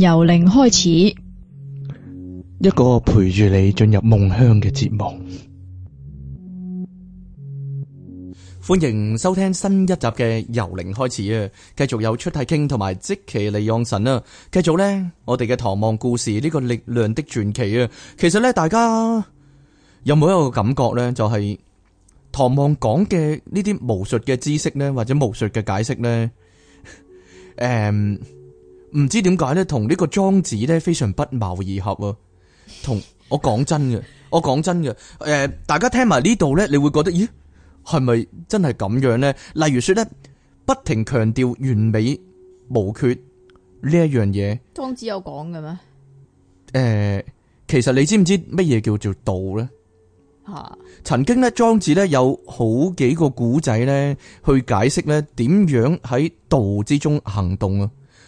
由零開始，一個陪住你進入夢鄉嘅節目。歡迎收聽新一集嘅由零開始啊！繼續有出體傾同埋即其利用神啦。繼續咧，我哋嘅唐望故事呢個力量的傳奇啊！其實咧，大家有冇一個感覺咧，就係唐望講嘅呢啲巫術嘅知識咧，或者巫術嘅解釋咧，誒。唔知點解咧，同呢個莊子咧，非常不謀而合啊。同我講真嘅， 我講真嘅，誒、呃，大家聽埋呢度咧，你會覺得，咦，係咪真係咁樣咧？例如說咧，不停強調完美無缺呢一樣嘢，莊子有講嘅咩？誒、呃，其實你知唔知乜嘢叫做道咧？吓哈，曾經咧，莊子咧有好幾個古仔咧，去解釋咧點樣喺道之中行動啊！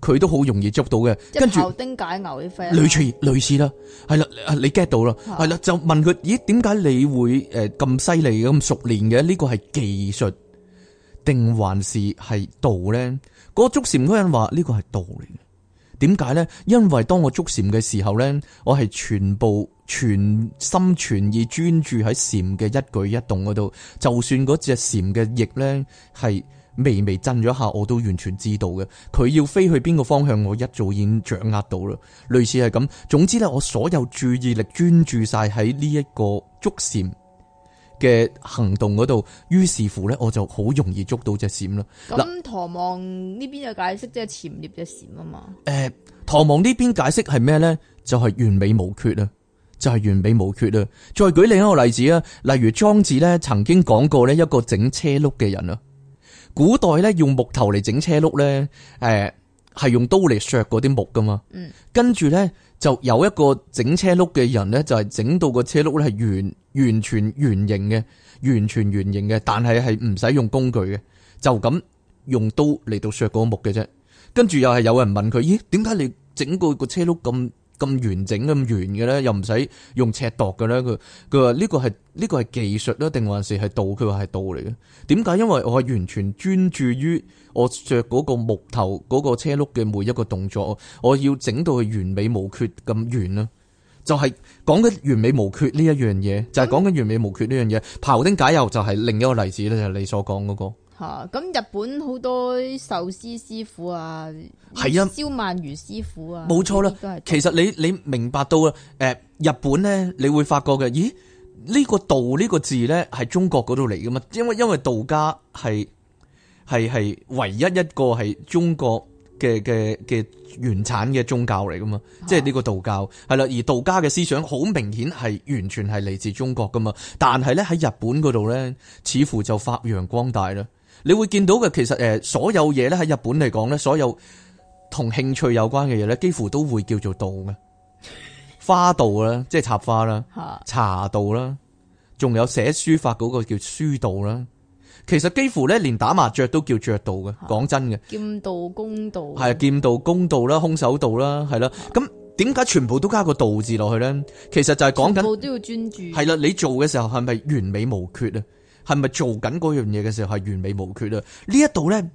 佢都好容易捉到嘅，跟住庖丁解牛啲費，類似類似啦，係啦，你 get 到啦，係啦，就問佢，咦，點解你會誒咁犀利咁熟練嘅？呢個係技術定還是係道咧？嗰個捉蟬嗰人話呢個係道嚟，點解咧？因為當我捉蟬嘅時候咧，我係全部全心全意專注喺蟬嘅一舉一動嗰度，就算嗰隻蟬嘅翼咧係，微微震咗下，我都完全知道嘅。佢要飛去邊個方向，我一早已經掌握到啦。類似係咁，總之咧，我所有注意力專注晒喺呢一個捉蟬嘅行動嗰度。於是乎咧，我就好容易捉到隻蟬啦。咁唐望呢邊嘅解釋即係潛獵隻蟬啊嘛。誒，唐望呢邊解釋係咩咧？就係、是、完美無缺啊！就係、是、完美無缺啊！再舉另一個例子啊，例如莊子咧曾經講過呢一個整車轆嘅人啊。古代咧用木頭嚟整車轆咧，誒係用刀嚟削嗰啲木噶嘛。跟住咧就有一個整車碌嘅人咧，就係整到個車碌咧係圓完全圓形嘅，完全圓形嘅，但係係唔使用工具嘅，就咁用刀嚟到削嗰個木嘅啫。跟住又係有人問佢，咦點解你整個個車碌咁？咁完整咁圓嘅咧，又唔使用，用尺度嘅咧。佢佢話呢個係呢、呢個係技術咯，定還是係道？佢話係道嚟嘅。點解？因為我係完全專注於我着嗰個木頭嗰、嗰個車轆嘅每一個動作，我要整到佢完美無缺咁圓呢就係講緊完美無缺呢一樣嘢，就係講緊完美無缺呢樣嘢。庖丁解牛就係另一個例子啦，就係、是、你所講嗰、嗰個。嚇！咁、嗯、日本好多壽司師傅啊，係啊，燒鰻魚師傅啊，冇錯啦。都係其實你你明白到啊？誒、呃，日本咧，你會發覺嘅，咦？呢、這個道呢個字咧，係中國嗰度嚟噶嘛？因為因為道家係係係唯一一個係中國嘅嘅嘅原產嘅宗教嚟噶嘛？嗯、即係呢個道教係啦。而道家嘅思想好明顯係完全係嚟自中國噶嘛？但係咧，喺日本嗰度咧，似乎就發揚光大啦。你會見到嘅，其實誒、呃，所有嘢咧，喺日本嚟講咧，所有同興趣有關嘅嘢咧，幾乎都會叫做道嘅，花道啦， 即係插花啦， 茶道啦，仲有寫書法嗰個叫書道啦。其實幾乎咧，連打麻雀都叫雀道嘅。講 真嘅，劍道，道、劍道弓道係啊，劍道、弓道啦，空手道啦，係咯。咁點解全部都加個道字落去咧？其實就係講緊，都要專注係啦。你做嘅時候係咪完美無缺啊？係咪做緊嗰樣嘢嘅時候係完美無缺啊？呢一度呢，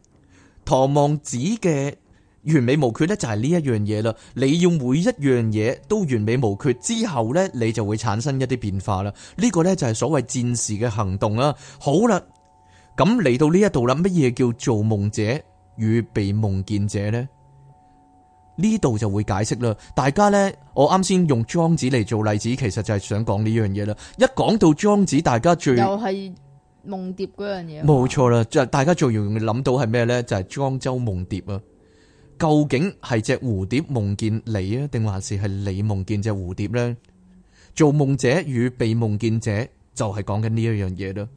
唐望子嘅完美無缺呢就係呢一樣嘢啦。你要每一樣嘢都完美無缺之後呢，你就會產生一啲變化啦。呢、這個呢，就係、是、所謂戰士嘅行動啦。好啦，咁嚟到呢一度啦，乜嘢叫做夢者與被夢見者呢？呢度就會解釋啦。大家呢，我啱先用莊子嚟做例子，其實就係想講呢樣嘢啦。一講到莊子，大家最係。夢蝶嗰樣嘢，冇錯啦，就大家最容易諗到係咩咧？就係莊周夢蝶啊！究竟係隻蝴蝶夢見你啊，定還是係你夢見隻蝴蝶咧？做夢者與被夢見者，就係講緊呢一樣嘢咯。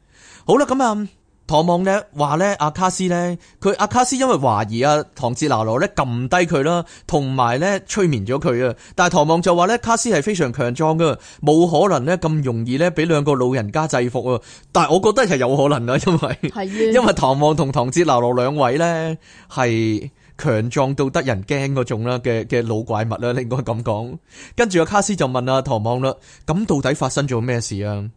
好啦，咁、嗯、啊。唐望咧話咧阿卡斯咧，佢阿卡斯因為懷疑阿唐哲拿羅咧撳低佢啦，同埋咧催眠咗佢啊。但係唐望就話咧卡斯係非常強壯噶，冇可能咧咁容易咧俾兩個老人家制服啊。但係我覺得係有可能啊，因為係因為唐望同唐哲拿羅兩位咧係強壯到得人驚嗰種啦嘅嘅老怪物啦，你應該咁講。跟住阿卡斯就問阿唐望啦，咁到底發生咗咩事啊？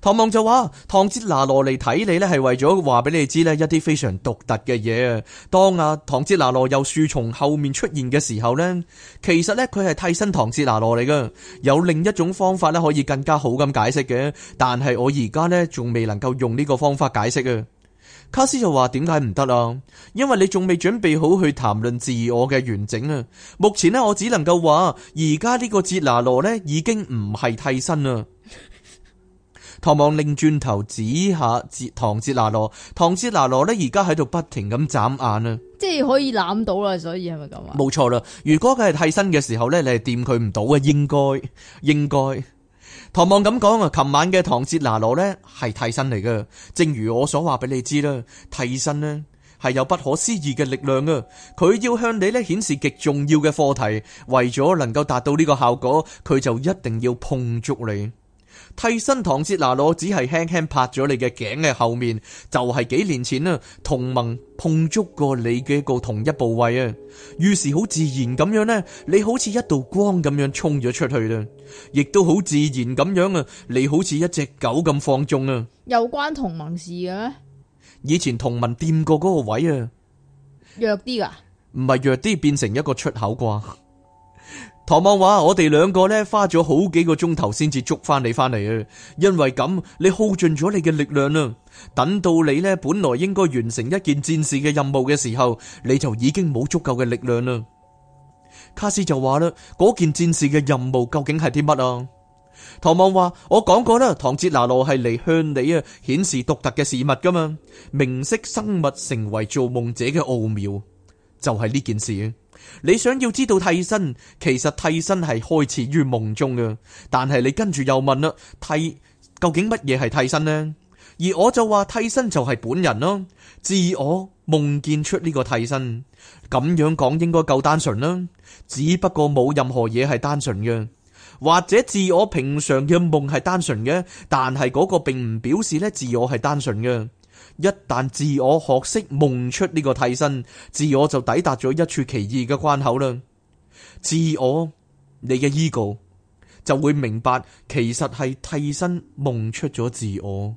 唐望就話：唐哲拿羅嚟睇你呢係為咗話俾你知呢一啲非常獨特嘅嘢啊。當阿唐哲拿羅由樹叢後面出現嘅時候呢，其實呢，佢係替身唐哲拿羅嚟噶。有另一種方法呢，可以更加好咁解釋嘅，但係我而家呢，仲未能夠用呢個方法解釋啊。卡斯就話：點解唔得啊？因為你仲未準備好去談論自我嘅完整啊。目前呢，我只能夠話，而家呢個哲拿羅呢，已經唔係替身啊。唐望擰轉頭指下唐，唐哲拿羅，唐哲拿羅呢而家喺度不停咁眨眼啊，即係可以攬到啦，所以係咪咁啊？冇錯啦，如果佢係替身嘅時候呢，你係掂佢唔到啊，應該應該。唐望咁講啊，琴晚嘅唐哲拿羅呢係替身嚟嘅，正如我所話俾你知啦，替身呢係有不可思議嘅力量啊！佢要向你呢顯示極重要嘅課題，為咗能夠達到呢個效果，佢就一定要碰觸你。替身唐哲拿攞只係輕輕拍咗你嘅頸嘅後面，就係幾年前啊，同盟碰觸過你嘅一個同一部位啊，於是好自然咁樣呢，你好似一道光咁樣衝咗出去啦，亦都好自然咁樣啊，你好似一隻狗咁放縱啊，有關同盟事嘅咩？以前同盟掂過嗰個位啊，弱啲噶，唔係弱啲，變成一個出口啩。 唐望話：我哋兩個呢，花咗好幾個鐘頭先至捉翻你翻嚟啊！因為咁，你耗盡咗你嘅力量啦。等到你呢，本來應該完成一件戰士嘅任務嘅時候，你就已經冇足夠嘅力量啦。卡斯就話啦：嗰件戰士嘅任務究竟係啲乜啊？唐望話：我講過啦，唐哲拿羅係嚟向你啊顯示獨特嘅事物噶嘛，明晰生物成為造夢者嘅奧妙，就係呢件事。你想要知道替身，其實替身係開始於夢中嘅，但係你跟住又問啦，替究竟乜嘢係替身呢？而我就話替身就係本人囉，自我夢見出呢個替身，咁樣講應該夠單純啦，只不過冇任何嘢係單純嘅，或者自我平常嘅夢係單純嘅，但係嗰個並唔表示咧自我係單純嘅。一旦自我學識夢出呢個替身，自我就抵達咗一處奇異嘅關口啦。自我，你嘅 ego 就會明白，其實係替身夢出咗自我。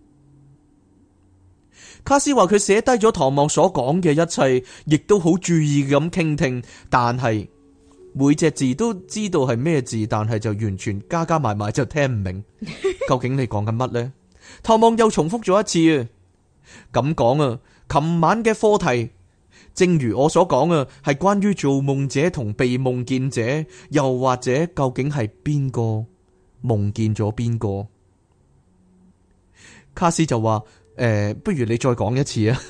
卡斯話佢寫低咗唐望所講嘅一切，亦都好注意咁傾聽，但係每隻字都知道係咩字，但係就完全加加埋埋就聽唔明，究竟你講緊乜呢？唐望又重複咗一次。咁講啊，琴晚嘅課題，正如我所講啊，係關於做夢者同被夢見者，又或者究竟係邊個夢見咗邊個？卡斯就話：誒，不如你再講一次啊！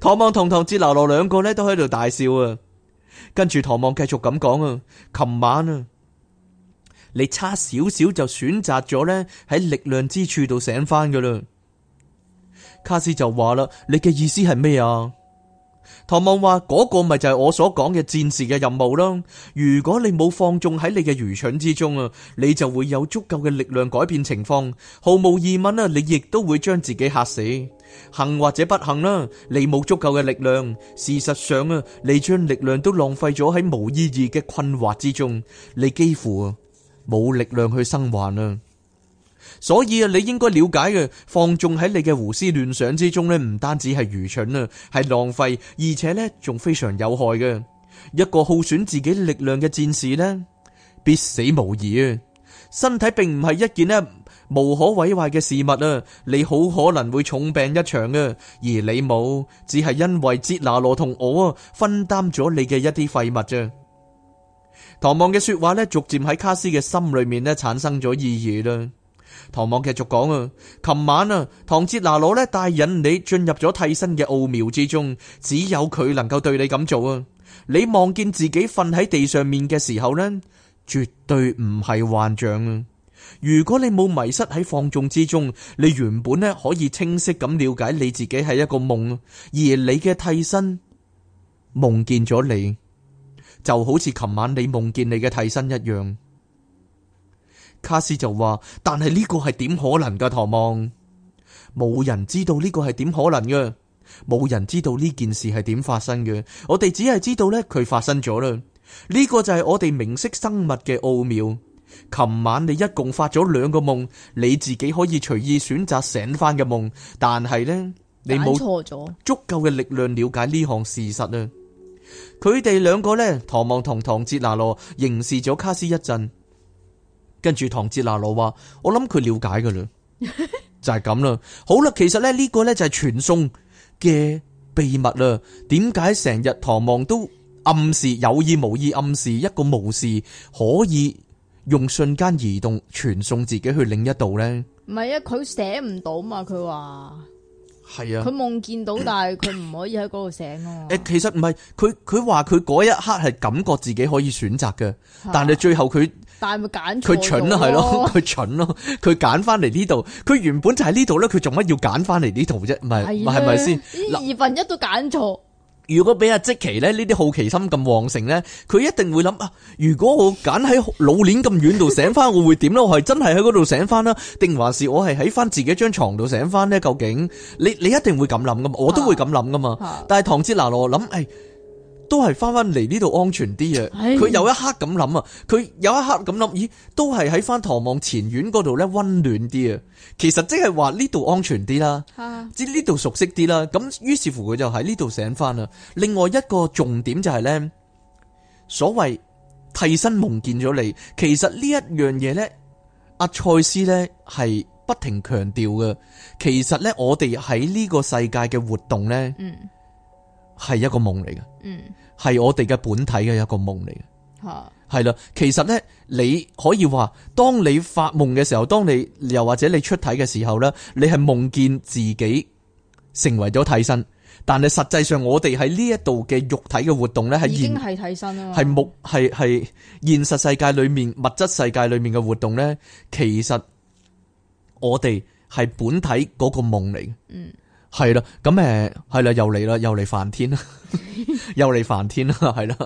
唐望同唐哲流羅兩個呢，都喺度大笑啊，跟住唐望繼續咁講啊，琴晚啊，你差少少就選擇咗呢，喺力量之處度醒翻噶啦。卡斯就話啦，你嘅意思係咩啊？唐望話，嗰個咪就係我所講嘅戰士嘅任務囉。如果你冇放縱喺你嘅愚蠢之中啊，你就會有足夠嘅力量改變情況，毫無疑問啊，你亦都會將自己嚇死。幸或者不幸啦，你冇足夠嘅力量。事實上啊，你將力量都浪費咗喺無意義嘅困惑之中，你幾乎冇力量去生還啊。所以啊，你應該了解嘅，放縱喺你嘅胡思亂想之中呢，唔單止係愚蠢啊，係浪費，而且呢仲非常有害嘅。一個耗損自己力量嘅戰士呢，必死無疑啊！身體並唔係一件呢無可毀壞嘅事物啊，你好可能會重病一場啊。而你冇，只係因為捷拿羅同我啊分擔咗你嘅一啲廢物啫。唐望嘅說話呢，逐漸喺卡斯嘅心裏面呢產生咗意義啦。唐望繼續講啊，琴晚啊，唐哲拿羅咧帶引你進入咗替身嘅奧妙之中，只有佢能夠對你咁做啊！你望見自己瞓喺地上面嘅時候呢，絕對唔係幻象啊！如果你冇迷失喺放縱之中，你原本呢可以清晰咁了解你自己係一個夢，而你嘅替身夢見咗你，就好似琴晚你夢見你嘅替身一樣。卡斯就話：但係呢個係點可能噶？唐望，冇人知道呢個係點可能嘅，冇人知道呢件事係點發生嘅。我哋只係知道呢，佢發生咗啦。呢、這個就係我哋明晰生物嘅奧妙。琴晚你一共發咗兩個夢，你自己可以隨意選擇醒翻嘅夢，但係呢，你冇錯咗足夠嘅力量了解呢項事實啊！佢哋兩個呢，唐望同唐哲拿羅凝視咗卡斯一陣。跟住唐哲拿佬話，我諗佢了解噶啦， 就係咁啦。好啦，其實咧呢個咧就係傳送嘅秘密啦。點解成日唐望都暗示有意無意暗示一個巫士可以用瞬間移動傳送自己去另一度呢？唔係啊，佢寫唔到嘛。佢話係啊，佢夢見到，但係佢唔可以喺嗰度寫咯。誒， 其實唔係，佢佢話佢嗰一刻係感覺自己可以選擇嘅，但係最後佢。但係咪揀錯？佢蠢咯，係咯，佢蠢咯，佢揀翻嚟呢度，佢原本就喺呢度咧，佢做乜要揀翻嚟呢度啫？唔係，係咪先？二分一都揀錯。如果俾阿即奇咧，呢啲好奇心咁旺盛咧，佢一定會諗啊！如果我揀喺老年咁遠度醒翻，我會點咯？我係真係喺嗰度醒翻啦，定還是我係喺翻自己張床度醒翻咧？究竟你你一定會咁諗噶嘛？我都會咁諗噶嘛？但係唐之娜羅諗誒。都係翻翻嚟呢度安全啲啊！佢唉有一刻咁諗啊，佢有一刻咁諗，咦，都係喺翻唐望前院嗰度呢。溫暖啲啊！其實即係話呢度安全啲啦，即呢度熟悉啲啦。咁於是乎佢就喺呢度醒翻啦。另外一個重點就係呢，所謂替身夢見咗你，其實呢一樣嘢，呢，阿賽斯呢係不停強調嘅。其實呢，我哋喺呢個世界嘅活動呢。嗯。係一個夢嚟嘅，嗯，係我哋嘅本體嘅一個夢嚟嘅，係係啦。其實咧，你可以話，當你發夢嘅時候，當你又或者你出體嘅時候咧，你係夢見自己成為咗替身，但係實際上我哋喺呢一度嘅肉體嘅活動咧，係已經係替身啦，係木係係現實世界裏面物質世界裏面嘅活動咧，其實我哋係本體嗰個夢嚟嘅，嗯。係啦，咁誒，係啦，又嚟啦，又嚟梵天啦， 又嚟梵天啦，係啦，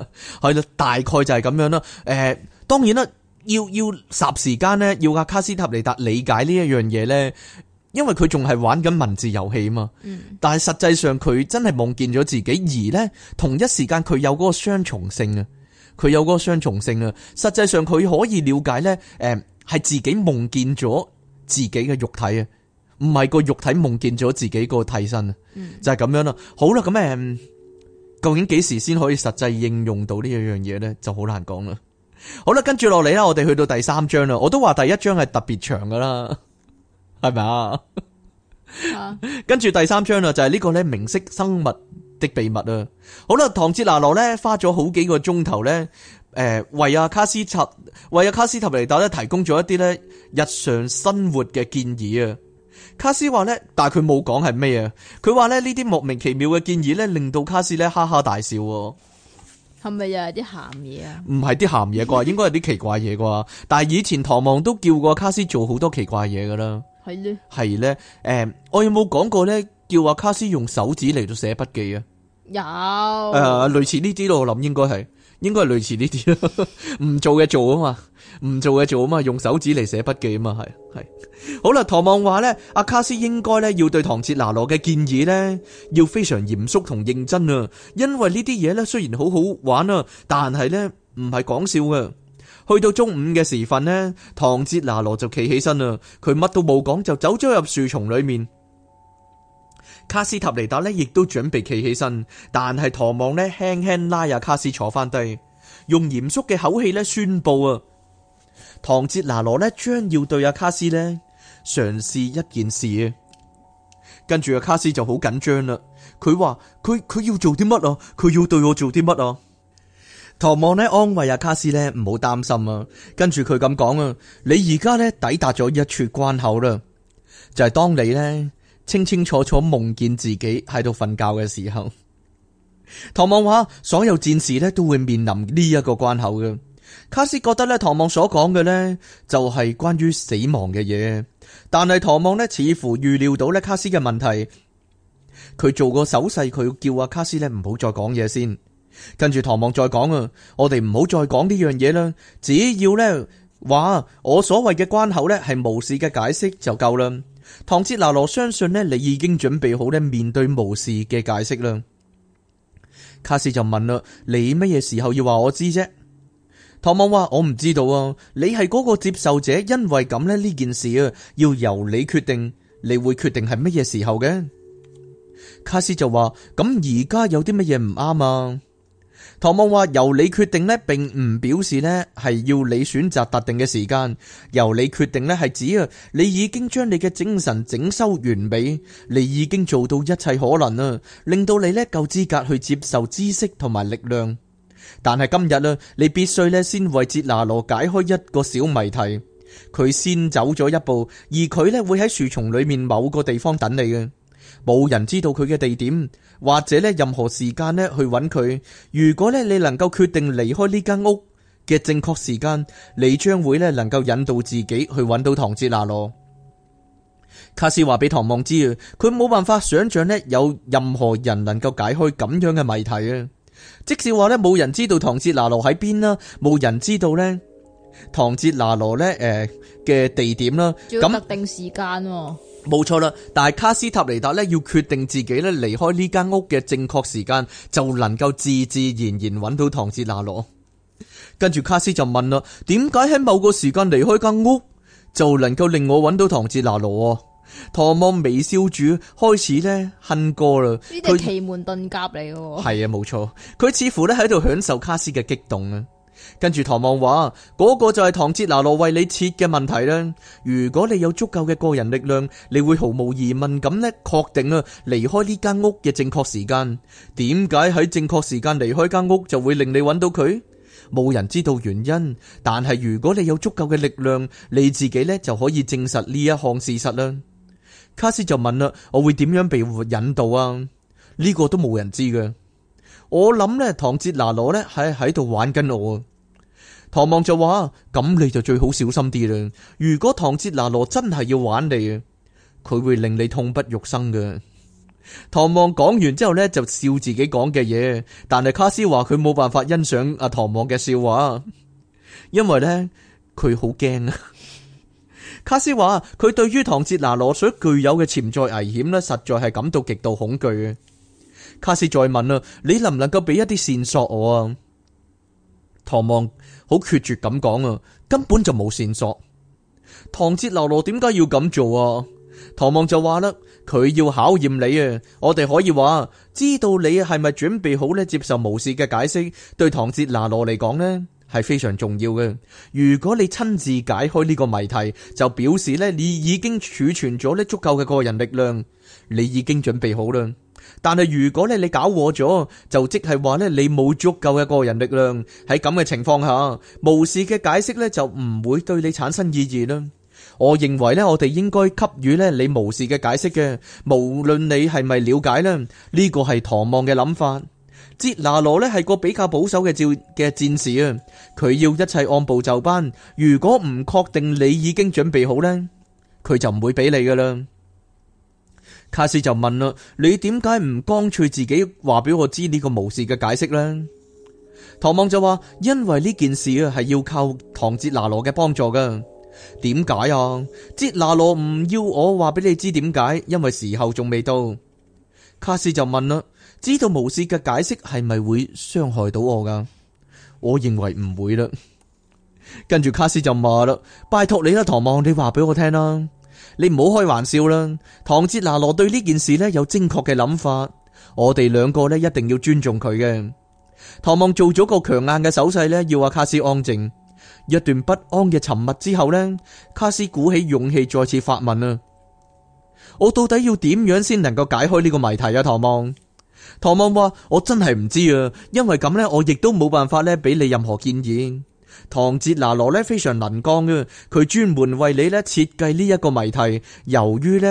係啦，大概就係咁樣啦。誒、呃，當然啦，要要霎時間咧，要阿卡斯塔尼達理解呢一樣嘢咧，因為佢仲係玩緊文字遊戲啊嘛。嗯、但係實際上佢真係夢見咗自己，而呢同一時間佢有嗰個雙重性啊，佢有嗰個雙重性啊。實際上佢可以了解咧，誒、呃，係自己夢見咗自己嘅肉體啊。唔係個肉體夢見咗自己個替身，嗯、就係咁樣啦。好啦，咁誒、嗯，究竟幾時先可以實際應用到呢一樣嘢呢？就好難講啦。好啦，跟住落嚟啦，我哋去到第三章啦。我都話第一章係特別長噶啦，係咪啊？跟住 第三章啦，就係呢個呢，「明晰生物」的秘密啊。好啦，唐哲拿羅呢，花咗好幾個鐘頭呢，誒、呃，為阿卡斯特，為阿卡斯塔尼達咧提供咗一啲呢日常生活嘅建議啊。卡斯話咧，但係佢冇講係咩啊。佢話咧呢啲莫名其妙嘅建議咧，令到卡斯咧哈哈大笑。係咪又係啲鹹嘢啊？唔係啲鹹嘢啩， 應該係啲奇怪嘢啩。但係以前唐望都叫過卡斯做好多奇怪嘢噶啦。係咧呢，係咧，誒、嗯，我有冇講過咧，叫阿卡斯用手指嚟到寫筆記啊？有，誒、呃，類似呢啲咯，我諗應該係。應該係類似呢啲咯，唔做嘅做啊嘛，唔做嘅做啊嘛，用手指嚟寫筆記啊嘛，係係好啦。唐望話咧，阿卡斯應該咧要對唐哲拿羅嘅建議咧，要非常嚴肅同認真啊，因為呢啲嘢咧雖然好好玩啊，但係咧唔係講笑啊。去到中午嘅時分呢，唐哲拿羅就企起身啦，佢乜都冇講就走咗入樹叢裏面。卡斯塔尼達呢亦都準備企起身，但係唐望呢輕輕拉阿卡斯坐翻低，用嚴肅嘅口氣呢宣布啊，唐哲拿羅呢將要對阿卡斯呢嘗試一件事啊，跟住阿卡斯就好緊張啦，佢話佢佢要做啲乜啊，佢要對我做啲乜啊，唐望呢安慰阿卡斯呢：「唔好擔心啊，跟住佢咁講啊，你而家呢抵達咗一處關口啦，就係當你呢。」清清楚楚夢見自己喺度瞓覺嘅時候， 唐望話：所有戰士咧都會面臨呢一個關口嘅。卡斯覺得咧，唐望所講嘅呢，就係關於死亡嘅嘢。但係唐望呢，似乎預料到咧卡斯嘅問題，佢做個手勢，佢叫阿卡斯咧唔好再講嘢先。跟住唐望再講啊，我哋唔好再講呢樣嘢啦，只要呢話我所謂嘅關口呢，係無事嘅解釋就夠啦。唐哲拿羅相信咧，你已經準備好咧面對巫士嘅解釋啦。卡斯就問啦：你乜嘢時候要話我知啫？唐望話：我唔知道啊。你係嗰個接受者，因為咁咧，呢件事啊，要由你決定，你會決定係乜嘢時候嘅？卡斯就話：咁而家有啲乜嘢唔啱啊？唐望話：由你決定呢，並唔表示呢係要你選擇特定嘅時間。由你決定呢，係指啊，你已經將你嘅精神整修完美，你已經做到一切可能啊，令到你呢夠資格去接受知識同埋力量。但係今日呢，你必須呢先為哲拿羅解開一個小謎題。佢先走咗一步，而佢呢會喺樹叢裏面某個地方等你嘅。冇人知道佢嘅地點，或者咧任何時間咧去揾佢。如果咧你能夠決定離開呢間屋嘅正確時間，你將會咧能夠引導自己去揾到唐哲拿羅。卡斯話俾唐望知，佢冇辦法想象咧有任何人能夠解開咁樣嘅謎題啊！即使話咧冇人知道唐哲拿羅喺邊啦，冇人知道咧唐哲拿羅咧誒嘅地點啦。要特定時間，哦。冇錯啦，但係卡斯塔尼達咧要決定自己咧離開呢間屋嘅正確時間，就能夠自自然然揾到唐哲娜羅。跟住卡斯就問啦：點解喺某個時間離開間屋就能夠令我揾到唐哲娜羅？唐望微笑住開始咧哼歌啦。呢啲奇門遁甲嚟嘅，係啊冇錯。佢似乎咧喺度享受卡斯嘅激動啊！跟住唐望話：嗰、那個就係唐哲拿羅為你設嘅問題啦。如果你有足夠嘅個人力量，你會毫無疑問咁呢確定啦，離開呢間屋嘅正確時間。點解喺正確時間離開間屋就會令你搵到佢？冇人知道原因。但係如果你有足夠嘅力量，你自己呢就可以證實呢一項事實啦。卡斯就問啦：我會點樣被引導啊？呢、這個都冇人知嘅。我諗咧，唐哲拿羅咧喺喺度玩緊我。唐望就話：咁你就最好小心啲啦。如果唐哲拿羅真係要玩你，佢會令你痛不欲生㗎。唐望講完之後咧，就笑自己講嘅嘢。但係卡斯話佢冇辦法欣賞阿、啊、唐望嘅笑話，因為咧佢好驚啊。 卡斯話佢對於唐哲拿羅所具有嘅潛在危險咧，實在係感到極度恐懼。卡斯再問啊，你能唔能夠俾一啲線索我啊？唐望好決絕咁講啊，根本就冇線索。唐哲拿羅點解要咁做啊？唐望就話啦，佢要考驗你啊。我哋可以話，知道你係咪準備好咧接受無事嘅解釋，對唐哲拿羅嚟講呢，係非常重要嘅。如果你親自解開呢個謎題，就表示咧你已經儲存咗呢足夠嘅個人力量，你已經準備好啦。但係如果咧你搞錯咗，就即係話咧你冇足夠嘅個人力量，喺咁嘅情況下，巫士嘅解釋咧就唔會對你產生意義啦。我認為咧我哋應該給予咧你巫士嘅解釋嘅，無論你係咪了解咧，呢個係唐望嘅諗法。捷拿羅咧係個比較保守嘅戰嘅戰士啊，佢要一切按部就班。如果唔確定你已經準備好咧，佢就唔會俾你噶啦。卡斯就問啦：你點解唔乾脆自己話俾我知呢個無事嘅解釋呢？唐望就話：因為呢件事啊係要靠唐哲拿羅嘅幫助噶。點解啊？哲拿羅唔要我話俾你知點解？因為時候仲未到。卡斯就問啦：知道無事嘅解釋係咪會傷害到我噶？我認為唔會啦。跟住卡斯就罵啦：拜託你啦，唐望，你話俾我聽啦。你唔好開玩笑啦，唐哲拿羅對呢件事咧有正確嘅諗法，我哋兩個咧一定要尊重佢嘅。唐望做咗個強硬嘅手勢咧，要阿卡斯安靜。一段不安嘅沉默之後呢卡斯鼓起勇氣再次發問啊！我到底要點樣先能夠解開呢個謎題啊？唐望，唐望話我真係唔知啊，因為咁呢，我亦都冇辦法咧俾你任何建議。唐哲拿羅咧非常能幹嘅，佢專門為你咧設計呢一個謎題。由於咧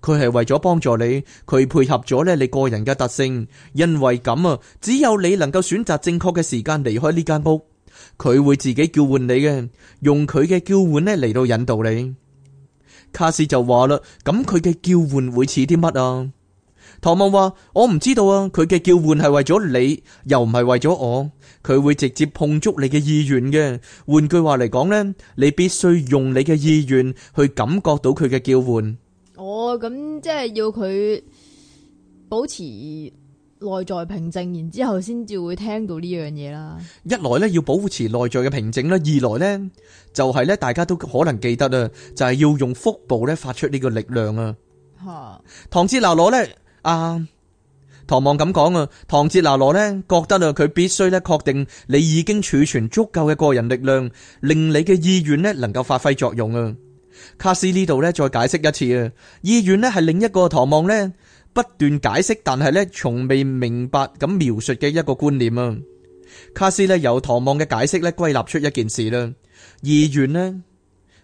佢係為咗幫助你，佢配合咗咧你個人嘅特性。因為咁啊，只有你能夠選擇正確嘅時間離開呢間屋。佢會自己叫喚你嘅，用佢嘅叫喚咧嚟到引導你。卡斯就話啦，咁佢嘅叫喚會似啲乜啊？唐望話：我唔知道啊，佢嘅叫喚係為咗你，又唔係為咗我。佢會直接碰觸你嘅意願嘅，換句話嚟講咧，你必須用你嘅意願去感覺到佢嘅叫喚。哦，咁即係要佢保持內在平靜，然之後先至會聽到呢樣嘢啦。一來咧要保持內在嘅平靜啦，二來咧就係咧大家都可能記得啊，就係要用腹部咧發出呢個力量啊。吓，唐字樓羅咧啊。唐望咁講啊，唐哲拿羅咧覺得啊，佢必須咧確定你已經儲存足夠嘅個人力量，令你嘅意願咧能夠發揮作用啊。卡斯呢度咧再解釋一次啊，意願咧係另一個唐望咧不斷解釋，但係咧從未明白咁描述嘅一個觀念啊。卡斯咧由唐望嘅解釋咧歸納出一件事啦，意願咧。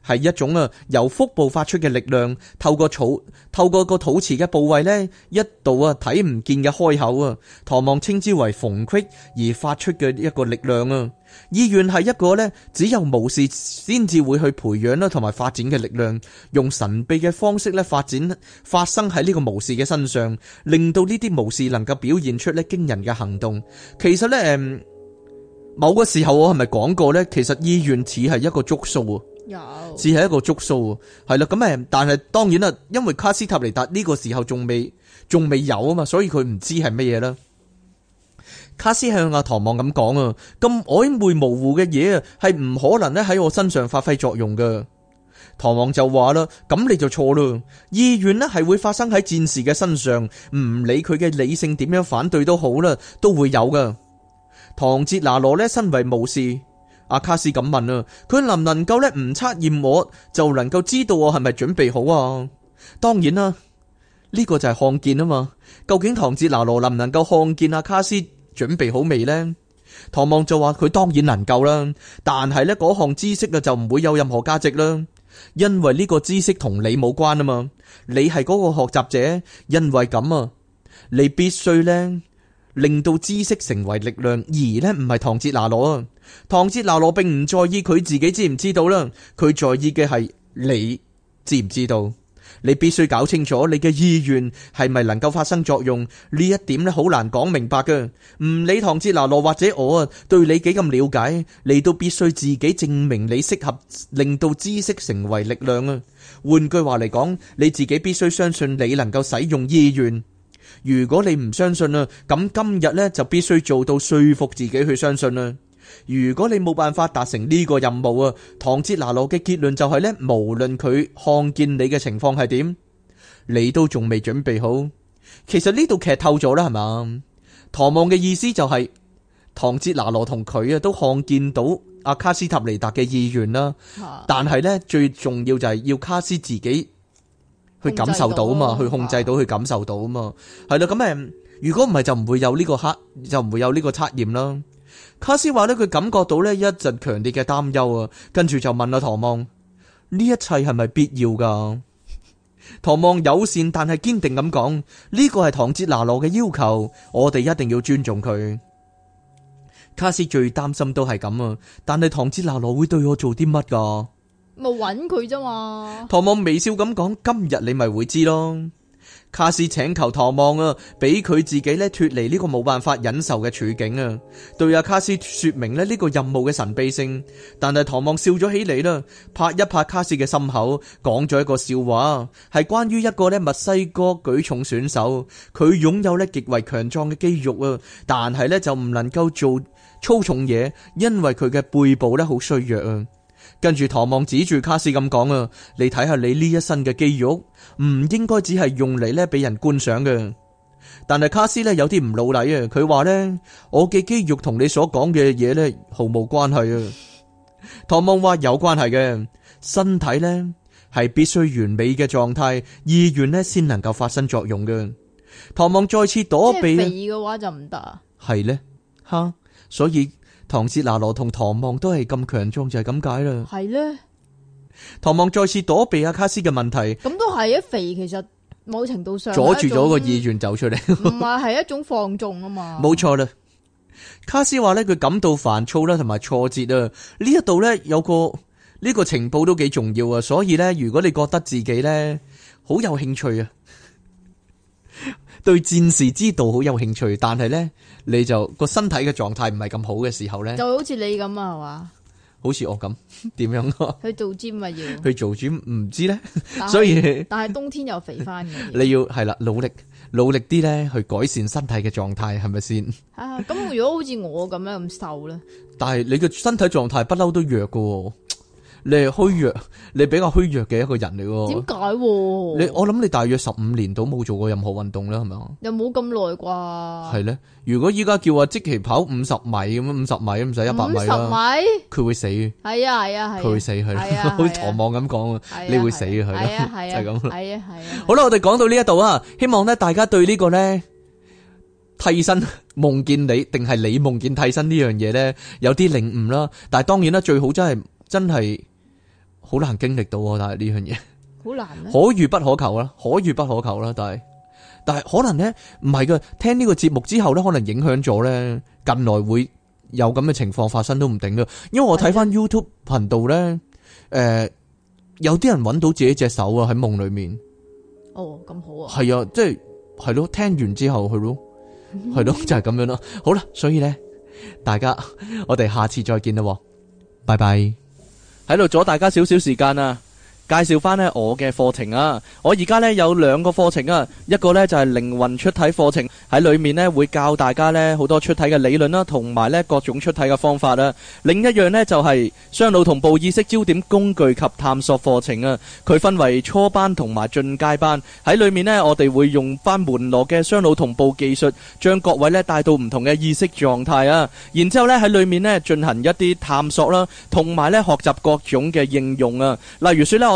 係一種啊，由腹部發出嘅力量，透過草，透過個肚臍嘅部位咧，一度啊睇唔見嘅開口啊，唐望稱之為縫隙而發出嘅一個力量啊。意願係一個咧，只有巫師先至會去培養啦，同埋發展嘅力量，用神秘嘅方式咧發展，發生喺呢個巫師嘅身上，令到呢啲巫師能夠表現出咧驚人嘅行動。其實呢，誒、嗯，某個時候我係咪講過呢？其實意願似係一個竹數只係一個竹數，係啦，咁誒，但係當然啊，因為卡斯塔尼達呢個時候仲未仲未有啊嘛，所以佢唔知係乜嘢啦。卡斯向阿唐望咁講啊，咁曖昧模糊嘅嘢啊，係唔可能咧喺我身上發揮作用噶。唐望就話啦，咁你就錯啦，意願咧係會發生喺戰士嘅身上，唔理佢嘅理性點樣反對都好啦，都會有噶。唐哲拿羅咧身為武士。阿卡斯咁問啊，佢能唔能夠咧，唔測驗我，就能夠知道我係咪準備好啊？當然啦，呢個就係看見啊嘛。究竟唐哲拿羅能唔能夠看見阿卡斯準備好未咧？唐望就話佢當然能夠啦，但係咧嗰項知識啊就唔會有任何價值啦，因為呢個知識同你冇關啊嘛。你係嗰個學習者，因為咁啊，你必須咧。令到知識成為力量，而呢唔係唐哲拿羅啊。唐哲拿羅並唔在意佢自己知唔知道啦，佢在意嘅係你知唔知道。你必須搞清楚你嘅意願係咪能夠發生作用。呢一點咧好難講明白噶。唔理唐哲拿羅或者我啊，對你幾咁了解，你都必須自己證明你適合令到知識成為力量啊。換句話嚟講，你自己必須相信你能夠使用意願。如果你唔相信啊，咁今日呢，就必須做到說服自己去相信啦。如果你冇辦法達成呢個任務啊，唐哲拿羅嘅結論就係，呢無論佢看見你嘅情況係點，你都仲未準備好。其實呢度劇透咗啦，係嘛？唐望嘅意思就係，唐哲拿羅同佢啊都看見到阿卡斯塔尼達嘅意願啦，但係呢，最重要就係要卡斯自己。去感受到嘛，控制到去控制到，啊、去感受到嘛，係啦。咁誒，如果唔係就唔會有呢、呢個黑，就唔會有呢個測驗啦。卡斯話呢，佢感覺到呢一陣強烈嘅擔憂啊，跟住就問阿唐望，呢一切係咪必要噶？ 唐望友善但係堅定咁講，呢個係唐哲拿羅嘅要求，我哋一定要尊重佢。卡斯最擔心都係咁啊，但係唐哲拿羅會對我做啲乜噶？「冇揾佢啫嘛！唐望微笑咁講：今日你咪會知咯。卡斯請求唐望啊，俾佢自己咧脱離呢個冇辦法忍受嘅處境啊。對阿卡斯說明咧呢個任務嘅神秘性，但係唐望笑咗起嚟啦，拍一拍卡斯嘅心口，講咗一個笑話，係關於一個咧墨西哥舉重選手，佢擁有咧極為強壯嘅肌肉啊，但係咧就唔能夠做粗重嘢，因為佢嘅背部咧好衰弱啊。跟住唐望指住卡斯咁講啊，你睇下你呢一身嘅肌肉，唔應該只係用嚟咧俾人觀賞嘅。但係卡斯咧有啲唔老禮啊，佢話咧我嘅肌肉同你所講嘅嘢咧毫無關係啊。唐望話有關係嘅，身體咧係必須完美嘅狀態，意願咧先能夠發生作用嘅。唐望再次躲避，即係肥嘅話就唔得。係咧，吓，所以。唐哲拿羅同唐望都係咁強壯，就係咁解啦。係咧，唐望再次躲避阿卡斯嘅問題，咁都係一肥其實某程度上阻住咗個意轉走出嚟，唔係係一種放縱啊嘛。冇錯啦。卡斯話呢，佢感到煩躁啦，同埋挫折啊。呢一度呢，有個呢、呢個情報都幾重要啊。所以呢，如果你覺得自己呢，好有興趣啊。對戰士之道好有興趣，但係咧，你就個身體嘅狀態唔係咁好嘅時候咧，就好似你咁啊，係嘛？好似我咁點樣咯？去做 gym 啊，要去做 gym，唔知咧，所以但係冬天又肥翻嘅。你要係啦，努力努力啲咧，去改善身體嘅狀態，係咪先？啊，咁如果好似我咁樣咁瘦咧，但係你嘅身體狀態不嬲都弱嘅。你係虛弱，你比較虛弱嘅一個人嚟喎。點解？你我諗你大約十五年都冇做過任何運動啦，係咪啊？又冇咁耐啩？係咧。如果依家叫我即期跑五十米咁樣，五十米都唔使一百米啦。五十米，佢會死。係啊係啊係。佢會死佢，好似唐望咁講啊，你會死佢。係啊係啊，就咁。係啊係啊。好啦，我哋講到呢一度啊，希望咧大家對呢個咧替身夢見你，定係你夢見替身呢樣嘢咧，有啲領悟啦。但係當然啦，最好真係。真係好難經歷到啊！但係呢樣嘢好難，可遇不可求啦，可遇不可求啦。但係但係可能呢，唔係噶。聽呢個節目之後呢，可能影響咗呢，近來會有咁嘅情況發生都唔定噶。因為我睇翻 YouTube 頻道呢，誒的、呃，有啲人揾到自己隻手啊喺夢裏面。哦，咁好啊！係啊，即係係咯，聽完之後係咯，係咯，就係、是、咁樣咯。 好啦，所以呢，大家我哋下次再見啦，拜拜。喺度阻大家少少時間啊！介紹翻咧我嘅課程啊！我而家咧有兩個課程啊，一個咧就係靈魂出體課程，喺裡面咧會教大家咧好多出體嘅理論啦，同埋咧各種出體嘅方法啊。另一樣咧就係雙腦同步意識焦點工具及探索課程啊，佢分為初班同埋進階班。喺裡面咧，我哋會用翻門羅嘅雙腦同步技術，將各位咧帶到唔同嘅意識狀態啊。然之後咧喺裡面咧進行一啲探索啦，同埋咧學習各種嘅應用啊。例如説咧我。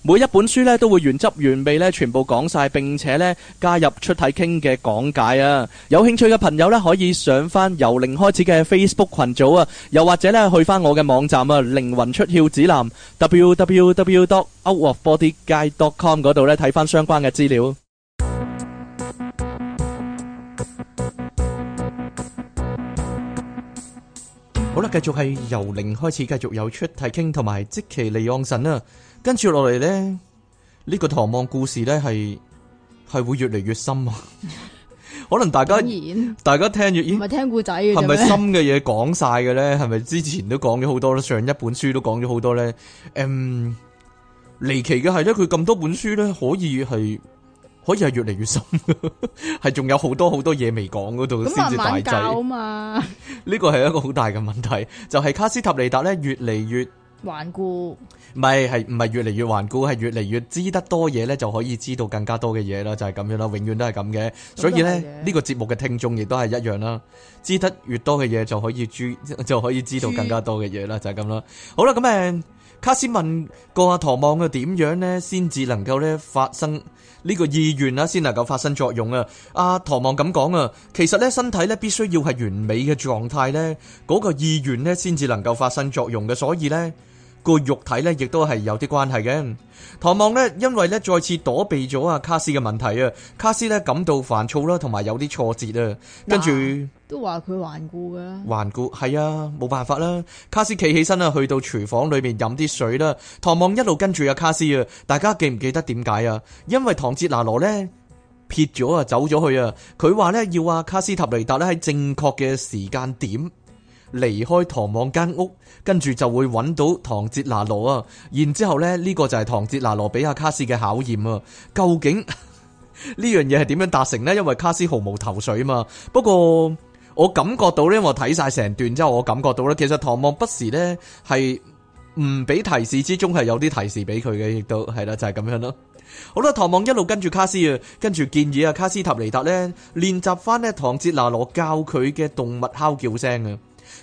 每一本書咧都會原汁原味咧全部講晒，並且咧加入出體傾嘅講解啊！有興趣嘅朋友咧可以上翻由零開始嘅 Facebook 群組啊，又或者咧去翻我嘅網站啊，靈魂出竅指南 www.outofbodyguide.com 嗰度咧睇翻相關嘅資料。好啦，繼續係由零開始，繼續有出體傾同埋即其利盎神啊！跟住落嚟咧，呢、這個唐望故事咧係係會越嚟越深啊！ 可能大家然大家聽越，唔、哎、係聽故仔嘅、啊，係咪深嘅嘢講晒嘅咧？係咪之前都講咗好多啦？上一本書都講咗好多咧。誒、um,，離奇嘅係咧，佢咁多本書咧，可以係可以係越嚟越深，係 仲有好多好多嘢未講嗰度先至大劑啊嘛！呢 個係一個好大嘅問題，就係、是、卡斯塔尼達咧越嚟越。頑固唔係，係唔係越嚟越頑固，係越嚟越知得多嘢咧，就可以知道更加多嘅嘢啦，就係咁樣啦，永遠都係咁嘅。所以咧，呢個節目嘅聽眾亦都係一樣啦，知得越多嘅嘢就可以知，就可以知道更加多嘅嘢啦，就係咁啦。好啦，咁誒卡斯問過阿唐望啊，點樣咧先至能夠咧發生呢個意願啦，先能夠發生作用啊？阿唐望咁講啊，其實咧，身體咧必須要係完美嘅狀態咧，嗰個意願咧先至能夠發生作用嘅，所以咧。個肉體咧，亦都係有啲關係嘅。唐望呢，因為咧再次躲避咗阿卡斯嘅問題啊，卡斯咧感到煩躁啦，同埋有啲挫折啊。跟住都話佢頑固嘅，頑固係啊，冇辦法啦。卡斯企起身啊，去到廚房裏面飲啲水啦。唐望一路跟住阿卡斯啊，大家記唔記得點解啊？因為唐哲拿羅咧撇咗啊，走咗去啊。佢話咧要阿卡斯塔雷達咧喺正確嘅時間點。離開唐望間屋，跟住就會揾到唐哲拿羅啊！然之後咧，呢、這個就係唐哲拿羅俾阿卡斯嘅考驗啊！究竟呢 樣嘢係點樣達成呢？因為卡斯毫無頭緒啊嘛。不過我感覺到呢，我睇晒成段之後，我感覺到咧，其實唐望不時呢係唔俾提示之中，係有啲提示俾佢嘅，亦都係啦，就係、是、咁樣咯。好啦，唐望一路跟住卡斯啊，跟住建議啊，卡斯塔尼達呢練習翻呢唐哲拿羅教佢嘅動物哮叫聲啊！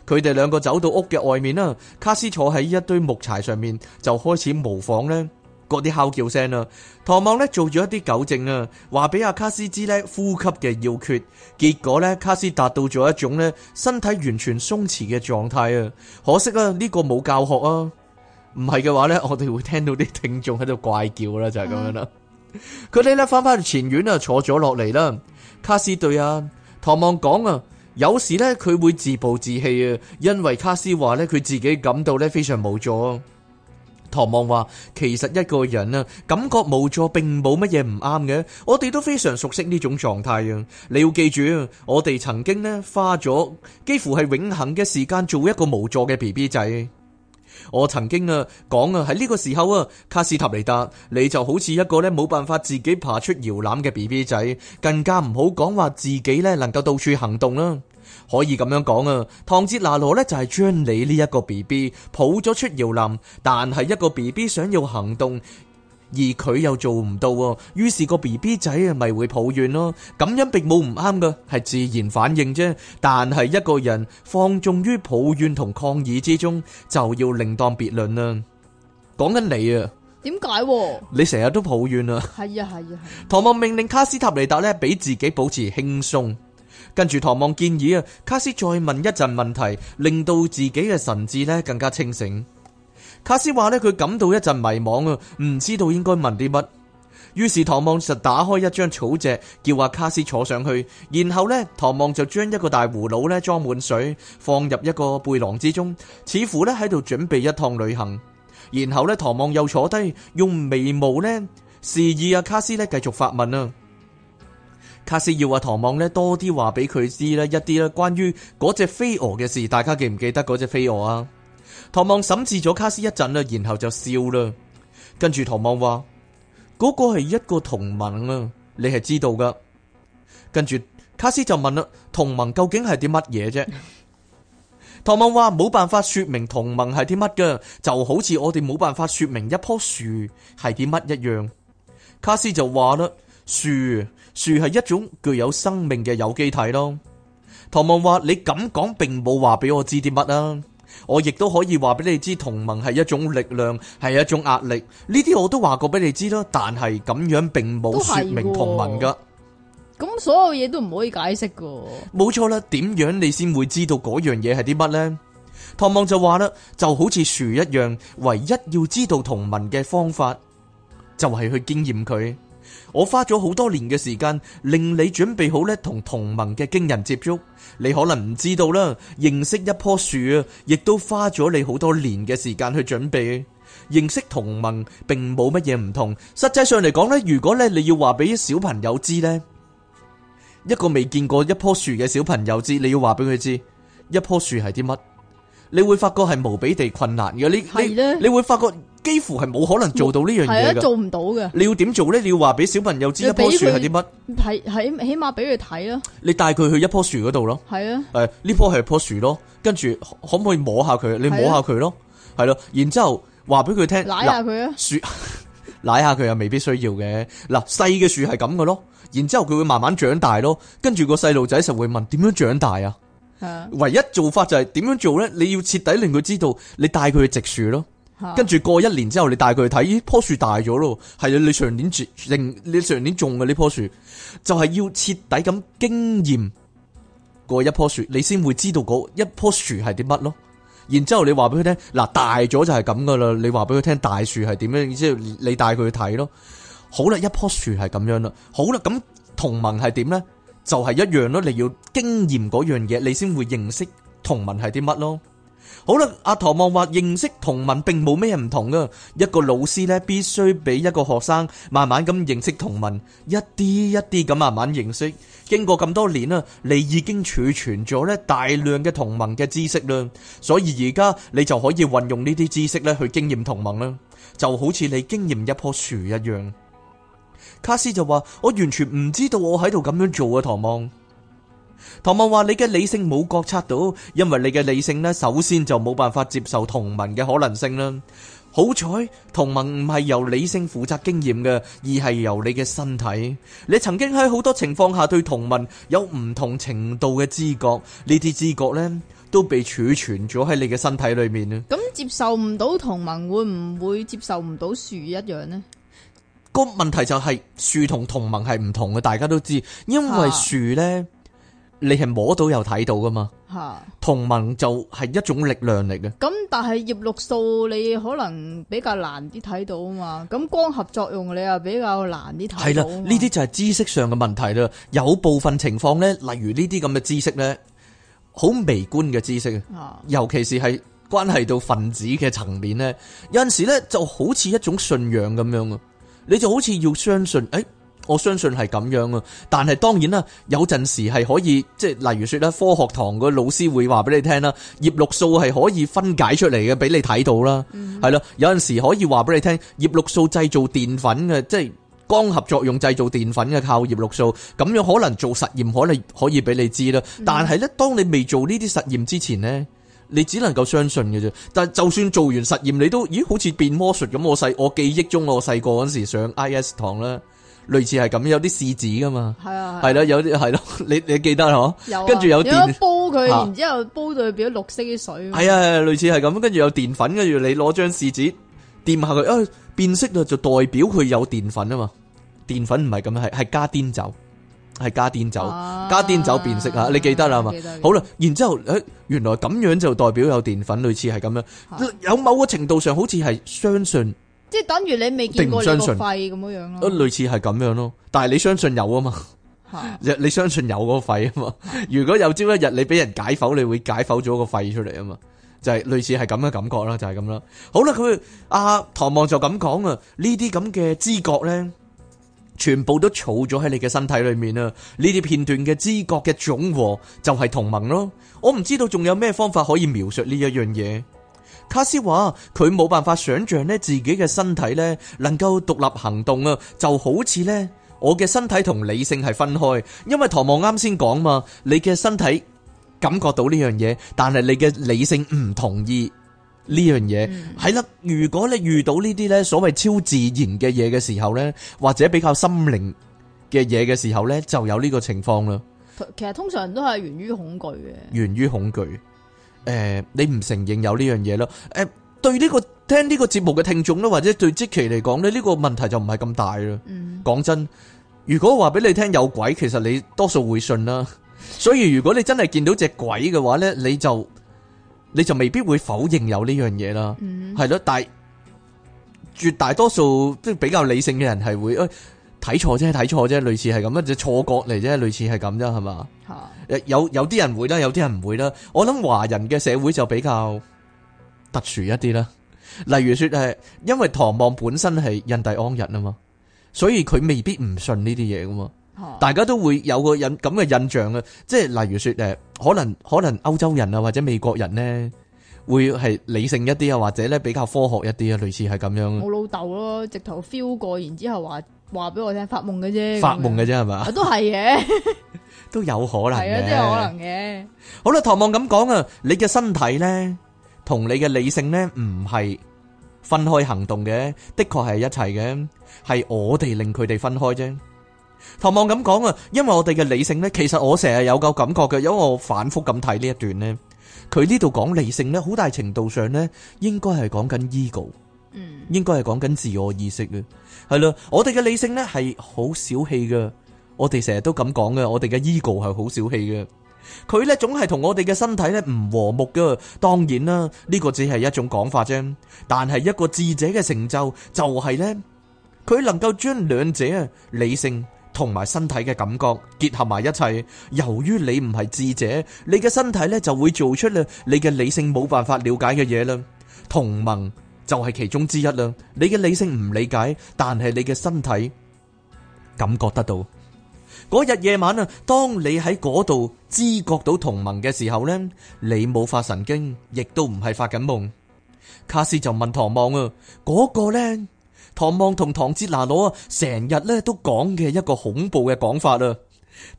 佢哋兩個走到屋嘅外面啦，卡斯坐喺一堆木柴上面，就開始模仿咧嗰啲哮叫聲啦。唐望咧做咗一啲糾正啊，話俾阿卡斯知咧呼吸嘅要訣。結果咧，卡斯達到咗一種咧身體完全鬆弛嘅狀態啊。可惜啊，呢個冇教學啊，唔係嘅話咧，我哋會聽到啲聽眾喺度怪叫啦，就係咁樣啦。佢哋咧翻返去前院啦，坐咗落嚟啦。卡斯對啊，唐望講啊。有時咧，佢會自暴自棄啊，因為卡斯話咧，佢自己感到咧非常無助啊。唐望話：其實一個人咧，感覺無助並冇乜嘢唔啱嘅，我哋都非常熟悉呢種狀態啊。你要記住，我哋曾經咧花咗幾乎係永恆嘅時間做一個無助嘅 BB 仔。我曾經啊講啊喺呢個時候啊，卡斯塔尼達，你就好似一個咧冇辦法自己爬出搖籃嘅 B B 仔，更加唔好講話自己咧能夠到處行動啦。可以咁樣講啊，唐哲拿羅咧就係將你呢一個 B B 抱咗出搖籃，但係一個 B B 想要行動。而佢又做唔到，於是個 B B 仔咪會抱怨咯。噉樣並冇唔啱嘅，係自然反應啫。但係一個人放縱於抱怨同抗議之中，就要另當別論啦。講緊你啊，點解？你成日都抱怨啊？係啊，係啊。唐望命令卡斯塔尼達呢俾自己保持輕鬆。跟住唐望建議啊，卡斯再問一陣問題，令到自己嘅神智呢更加清醒。卡斯話咧，佢感到一陣迷茫啊，唔知道應該問啲乜。於是唐望就打開一張草席，叫阿卡斯坐上去。然後咧，唐望就將一個大葫蘆咧裝滿水，放入一個背囊之中，似乎咧喺度準備一趟旅行。然後咧，唐望又坐低，用眉毛咧示意阿卡斯咧繼續發問啊。卡斯要阿唐望咧多啲話俾佢知咧一啲咧關於嗰隻飛蛾嘅事，大家記唔記得嗰隻飛蛾啊？唐望審視咗卡斯一陣啦，然後就笑啦。跟住唐望話：嗰個係一個同盟啊，你係知道噶。跟住卡斯就問啦：同盟究竟係啲乜嘢啫？ 唐望話：冇辦法說明同盟係啲乜噶，就好似我哋冇辦法說明一棵樹係啲乜一樣。卡斯就話啦：樹，樹係一種具有生命嘅有機體咯。唐望話：你咁講並冇話俾我知啲乜啊。我亦都可以話俾你知，同盟係一種力量，係一種壓力，呢啲我都話過俾你知啦。但係咁樣並冇說明同盟噶，咁所有嘢都唔可以解釋噶。冇錯啦，點樣你先會知道嗰樣嘢係啲乜呢？唐望就話啦，就好似樹一樣，唯一要知道同盟嘅方法就係去經驗佢。我花咗好多年嘅時間令你準備好咧，同同盟嘅驚人接觸。你可能唔知道啦，認識一棵樹啊，亦都花咗你好多年嘅時間去準備。認識同盟並冇乜嘢唔同。實際上嚟講咧，如果咧你要話俾小朋友知呢一個未見過一棵樹嘅小朋友知，你要話俾佢知一棵樹係啲乜，你會發覺係無比地困難嘅。你你的你會發覺。幾乎係冇可能做到呢樣嘢嘅，係啊，做唔到嘅。你要點做咧？你要話俾小朋友知一棵樹係啲乜？睇，係起碼俾佢睇咯。你帶佢去一棵樹嗰度咯。係啊，誒，呢棵係棵樹咯，跟住，可唔可以摸下佢？你摸下佢咯，係咯，然之後話俾佢聽。舐下佢啊，樹舐下佢又未必需要嘅。嗱，細嘅樹係咁嘅咯，然之後佢會慢慢長大咯。跟住個細路仔就會問點樣長大啊？唯一做法就係點樣做咧？你要徹底令佢知道，你帶佢去植樹咯。跟住過一年之後你帶你年，你帶佢去睇，咦，棵樹大咗咯。係你上年種，你上年種嘅呢棵樹，就係要徹底咁經驗過一棵樹，你先會知道嗰一棵樹係啲乜咯。然之後你話俾佢聽，嗱，大咗就係咁噶啦。你話俾佢聽大樹係點樣，然之後你帶佢去睇咯。好啦，一棵樹係咁樣啦。好啦，咁同盟係點咧？就係、是、一樣咯。你要經驗嗰樣嘢，你先會認識同盟係啲乜咯。好啦，阿唐望話認識同盟並冇咩唔同啊，一個老師咧必須俾一個學生慢慢咁認識同盟，一啲一啲咁慢慢認識。經過咁多年啦，你已經儲存咗咧大量嘅同盟嘅知識啦，所以而家你就可以運用呢啲知識咧去經驗同盟啦，就好似你經驗一棵樹一樣。卡斯就話：我完全唔知道我喺度咁樣做啊，唐望。唐望話：你嘅理性冇覺察到，因為你嘅理性呢，首先就冇辦法接受同盟嘅可能性啦。好彩，同盟唔係由理性負責經驗嘅，而係由你嘅身體。你曾經喺好多情況下對同盟有唔同程度嘅知覺，呢啲知覺呢都被儲存咗喺你嘅身體裏面啦。咁接受唔到同盟會唔會接受唔到樹一樣呢？個問題就係樹同同盟係唔同嘅，大家都知，因為樹呢。你係摸到又睇到噶嘛？吓的，同盟就係一種力量嚟嘅。咁但係葉綠素你可能比較難啲睇到啊嘛。咁光合作用你又比較難啲睇到。係啦，呢啲就係知識上嘅問題啦。有部分情況咧，例如呢啲咁嘅知識咧，好微觀嘅知識啊，尤其是係關係到分子嘅層面咧，有陣時咧就好似一種信仰咁樣啊。你就好似要相信誒。哎我相信係咁樣啊，但係當然啦，有陣時係可以即係，例如說咧，科學堂個老師會話俾你聽啦，葉綠素係可以分解出嚟嘅，俾你睇到啦，係咯、嗯，有陣時可以話俾你聽，葉綠素製造澱粉嘅，即係光合作用製造澱粉嘅靠葉綠素，咁樣可能做實驗可能可以俾你知啦。但係咧，當你未做呢啲實驗之前呢，你只能夠相信嘅啫。但係就算做完實驗，你都咦好似變魔術咁，我細我記憶中我細個嗰陣時上 I S 堂啦。類似係咁，有啲試紙噶嘛，係啊，係啦，有啲係咯，你你記得嗬？有。跟住有啲，煲佢，然之後煲到佢變咗綠色啲水。係啊，類似係咁，跟住有澱粉嘅，要你攞張試紙掂下佢，啊，變色啦，就代表佢有澱粉啊嘛。澱粉唔係咁，係係加碘酒，係加碘酒，加碘酒變色啊！你記得啦嘛？記得。好啦，然之後誒，原來咁樣就代表有澱粉，類似係咁樣，有某個程度上好似係相信。即係等於你未見過個肺咁樣樣咯，類似係咁樣咯。但係你相信有啊嘛， 你相信有嗰個肺啊嘛。如果有朝一日你俾人解剖，你會解剖咗個肺出嚟啊嘛。就係、是、類似係咁嘅感覺啦，就係咁啦。好啦，佢阿、啊、唐望就咁講啊，呢啲咁嘅知覺咧，全部都儲咗喺你嘅身體裏面啦。呢啲片段嘅知覺嘅總和就係同盟咯。我唔知道仲有咩方法可以描述呢一樣嘢。卡斯話佢冇辦法想象咧自己嘅身體咧能夠獨立行動啊，就好似咧我嘅身體同理性係分開，因為唐望啱先講嘛，你嘅身體感覺到呢樣嘢，但係你嘅理性唔同意呢樣嘢，係啦、嗯。如果你遇到呢啲咧所謂超自然嘅嘢嘅時候咧，或者比較心靈嘅嘢嘅時候咧，就有呢個情況啦。其實通常都係源於恐懼嘅，源於恐懼。誒、呃，你唔承認有呢樣嘢咯？誒、呃，對呢、這個聽呢個節目嘅聽眾咧，或者對 j 期嚟講咧，呢、這個問題就唔係咁大咯。講、嗯、真，如果話俾你聽有鬼，其實你多數會信啦。 所以如果你真係見到隻鬼嘅話呢，你就你就未必會否認有呢樣嘢啦。係咯、嗯，但係絕大多數即係比較理性嘅人係會誒。哎睇錯啫，睇錯啫，類似係咁啊，就錯覺嚟啫，類似係咁啫，係嘛？嚇！ 有有有啲人會啦，有啲人唔會啦。我諗華人嘅社會就比較特殊一啲啦。例如説誒，因為唐望本身係印第安人啊嘛，所以佢未必唔信呢啲嘢㗎嘛。大家都會有個印咁嘅印象啊，即係例如説誒，可能可能歐洲人啊或者美國人呢，會係理性一啲啊，或者咧比較科學一啲啊，類似係咁樣。我老豆咯，直頭 feel 過，然之後話。話俾我聽，發夢嘅啫，發夢嘅啫係嘛？都係嘅，都有可能嘅，都有可能嘅。好啦，唐望咁講啊，你嘅身體咧，同你嘅理性咧，唔係分開行動嘅，的確係一齊嘅，係我哋令佢哋分開啫。唐望咁講啊，因為我哋嘅理性咧，其實我成日有個感覺嘅，因為我反覆咁睇呢一段咧，佢呢度講理性咧，好大程度上咧，應該係講緊 ego，嗯，應該係講緊自我意識嘅。係啦，我哋嘅理性咧係好小氣嘅，我哋成日都咁講嘅，我哋嘅 ego 係好小氣嘅，佢咧總係同我哋嘅身體咧唔和睦嘅。當然啦，呢個只係一種講法啫。但係一個智者嘅成就就係咧，佢能夠將兩者理性同埋身體嘅感覺結合埋一齊。由於你唔係智者，你嘅身體咧就會做出咧你嘅理性冇辦法了解嘅嘢啦。同盟。就係其中之一啦。你嘅理性唔理解，但係你嘅身體感覺得到。嗰日夜晚啊，當你喺嗰度知覺到同盟嘅時候咧，你冇發神經，亦都唔係發緊夢。卡斯就問唐望啊，嗰個咧，唐望同唐哲拿羅啊，成日咧都講嘅一個恐怖嘅講法啦，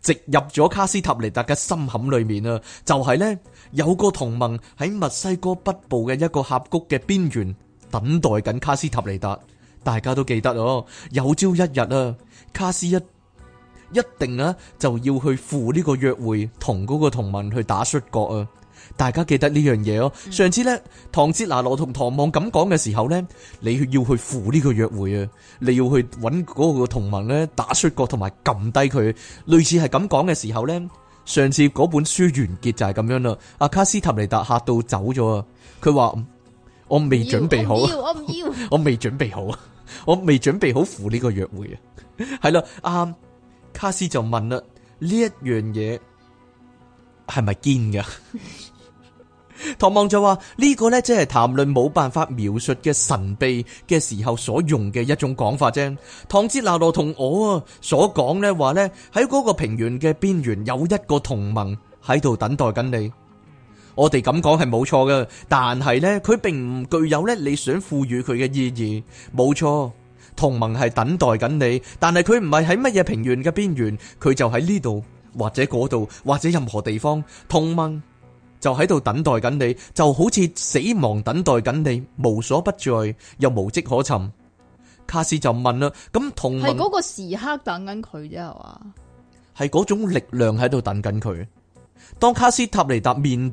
植入咗卡斯塔尼達嘅心坎裏面啊，就係咧有個同盟喺墨西哥北部嘅一個峽谷嘅邊緣。等待緊卡斯塔尼達，大家都記得哦。有朝一日啊，卡斯一一定啊就要去赴呢個約會，同嗰個同盟去打摔角。啊。大家記得呢樣嘢哦。上次咧，唐哲拿羅同唐望咁講嘅時候咧，你要去赴呢個約會啊，你要去揾嗰個同盟咧打摔角同埋撳低佢。類似係咁講嘅時候咧，上次嗰本書完結就係咁樣啦，啊。阿卡斯塔尼達嚇到走咗啊，佢話。我未準備好啊！我唔要 我，我未準備好啊！我未準備好赴呢個約會 啊！係啦，阿卡斯就問啦：呢一樣嘢係咪堅㗎？是是 唐望就話：呢、這個咧，即係談論冇辦法描述嘅神秘嘅時候所用嘅一種講法啫。唐吉娜羅同我啊所講咧，話咧喺嗰個平原嘅邊緣有一個同盟喺度等待緊你。我哋咁講係冇錯嘅，但係咧，佢並唔具有咧你想賦予佢嘅意義，冇錯。同盟係等待緊你，但係佢唔係喺乜嘢平原嘅邊緣，佢就喺呢度或者嗰度或者任何地方，同盟就喺度等待緊你，就好似死亡等待緊你，無所不在又無跡可尋。卡斯就問啦，咁同盟係嗰個時刻等緊佢啫係嘛？係嗰種力量喺度等緊佢。當卡斯塔尼達面。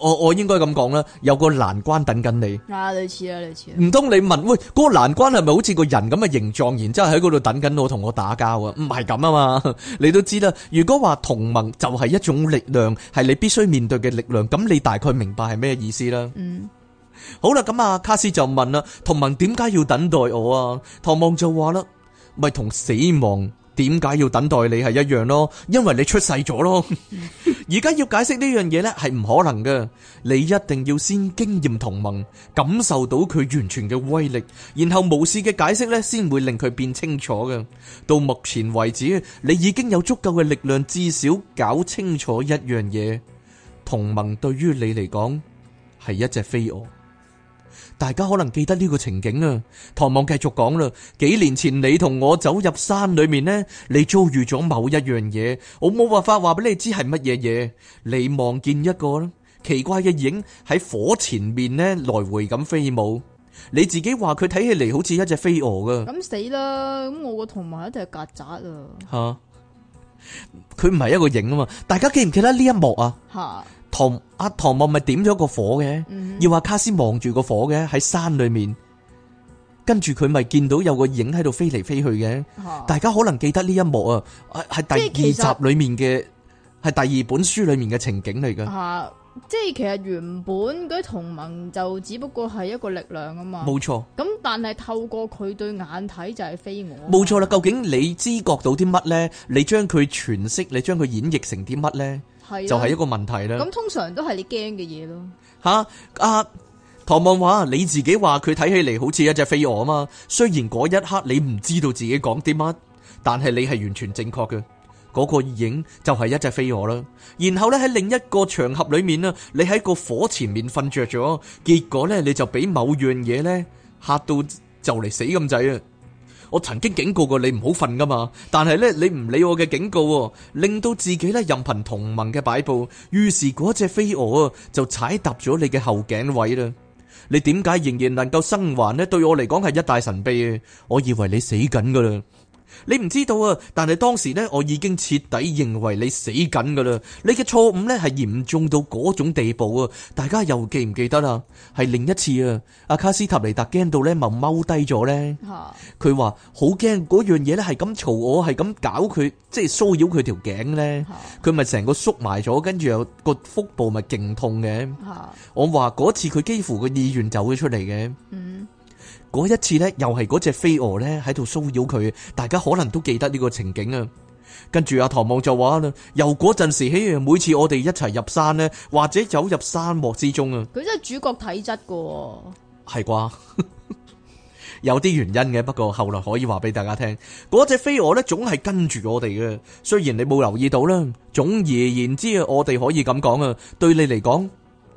我我應該咁講啦，有個難關等緊你。啊，類似啦，類似。唔通你問，喂，嗰個難關係咪好似個人咁嘅形狀，然之後喺嗰度等緊我，同我打交啊？唔係咁啊嘛，你都知啦。如果話同盟就係一種力量，係你必須面對嘅力量，咁你大概明白係咩意思啦。嗯。好啦，咁啊，卡斯就問啦，同盟點解要等待我啊？唐望就話啦，咪同死亡點解要等待你係一樣咯，因為你出世咗咯。而家要解釋呢樣嘢呢，係唔可能嘅。你一定要先經驗同盟，感受到佢完全嘅威力，然後無視嘅解釋呢，先會令佢變清楚嘅。到目前為止，你已經有足夠嘅力量，至少搞清楚一樣嘢。同盟對於你嚟講，係一隻飛蛾。大家可能記得呢個情景啊！唐望繼續講啦，幾年前你同我走入山裏面呢，你遭遇咗某一樣嘢，我冇辦法話俾你知係乜嘢嘢。你望見一個咧奇怪嘅影喺火前面呢來回咁飛舞，你自己話佢睇起嚟好似一隻飛蛾噶。咁死啦！咁我個同埋一隻曱甴啊！吓，佢唔係一個影啊嘛！大家記唔記得呢一幕啊？吓！唐阿唐望咪點咗個火嘅，要話卡斯望住個火嘅喺山裏面，跟住佢咪見到有個影喺度飛嚟飛去嘅。大家可能記得呢一幕啊，係第二集裏面嘅，係第二本書裏面嘅情景嚟噶。即係其實原本嗰啲同盟就只不過係一個力量啊嘛。冇錯。咁但係透過佢對眼睇就係飛蛾。冇錯啦。究竟你知覺到啲乜呢？你將佢詮釋，你將佢演繹成啲乜呢？就係一個問題啦。咁通常都係你驚嘅嘢咯。吓、啊，阿唐望話你自己話佢睇起嚟好似一隻飛蛾啊嘛。雖然嗰一刻你唔知道自己講啲乜，但係你係完全正確嘅。嗰個影就係一隻飛蛾啦。然後咧，喺另一個場合裏面啊，你喺個火前面瞓着咗，結果咧你就俾某樣嘢咧嚇到就嚟死咁滯啊！我曾經警告過你唔好瞓噶嘛，但係咧你唔理我嘅警告，令到自己咧任憑同盟嘅擺布，於是嗰隻飛蛾啊就踩踏咗你嘅後頸位啦。你點解仍然能夠生還呢？對我嚟講係一大神秘啊！我以為你死緊噶啦。你唔知道啊，但係當時咧，我已經徹底認為你死緊噶啦。你嘅錯誤咧係嚴重到嗰種地步啊！大家又記唔記得啊？係另一次啊，阿卡斯塔尼達驚到咧，咪踎低咗咧吓。佢話好驚嗰樣嘢咧係咁嘈我，係咁搞佢，即係騷擾佢條頸咧。佢咪成個縮埋咗，跟住又個腹部咪勁痛嘅。的我話嗰次佢幾乎個意願走咗出嚟嘅。嗯嗰一次咧，又係嗰隻飛蛾咧喺度騷擾佢，大家可能都記得呢個情景啊。跟住阿唐望就話啦，由嗰陣時起，每次我哋一齊入山呢，或者走入沙漠之中啊。佢真係主角體質噶，係啩是吧？ 有啲原因嘅，不過後來可以話俾大家聽，嗰隻飛蛾呢，總係跟住我哋嘅，雖然你冇留意到啦。總而言之，我哋可以咁講啊，對你嚟講。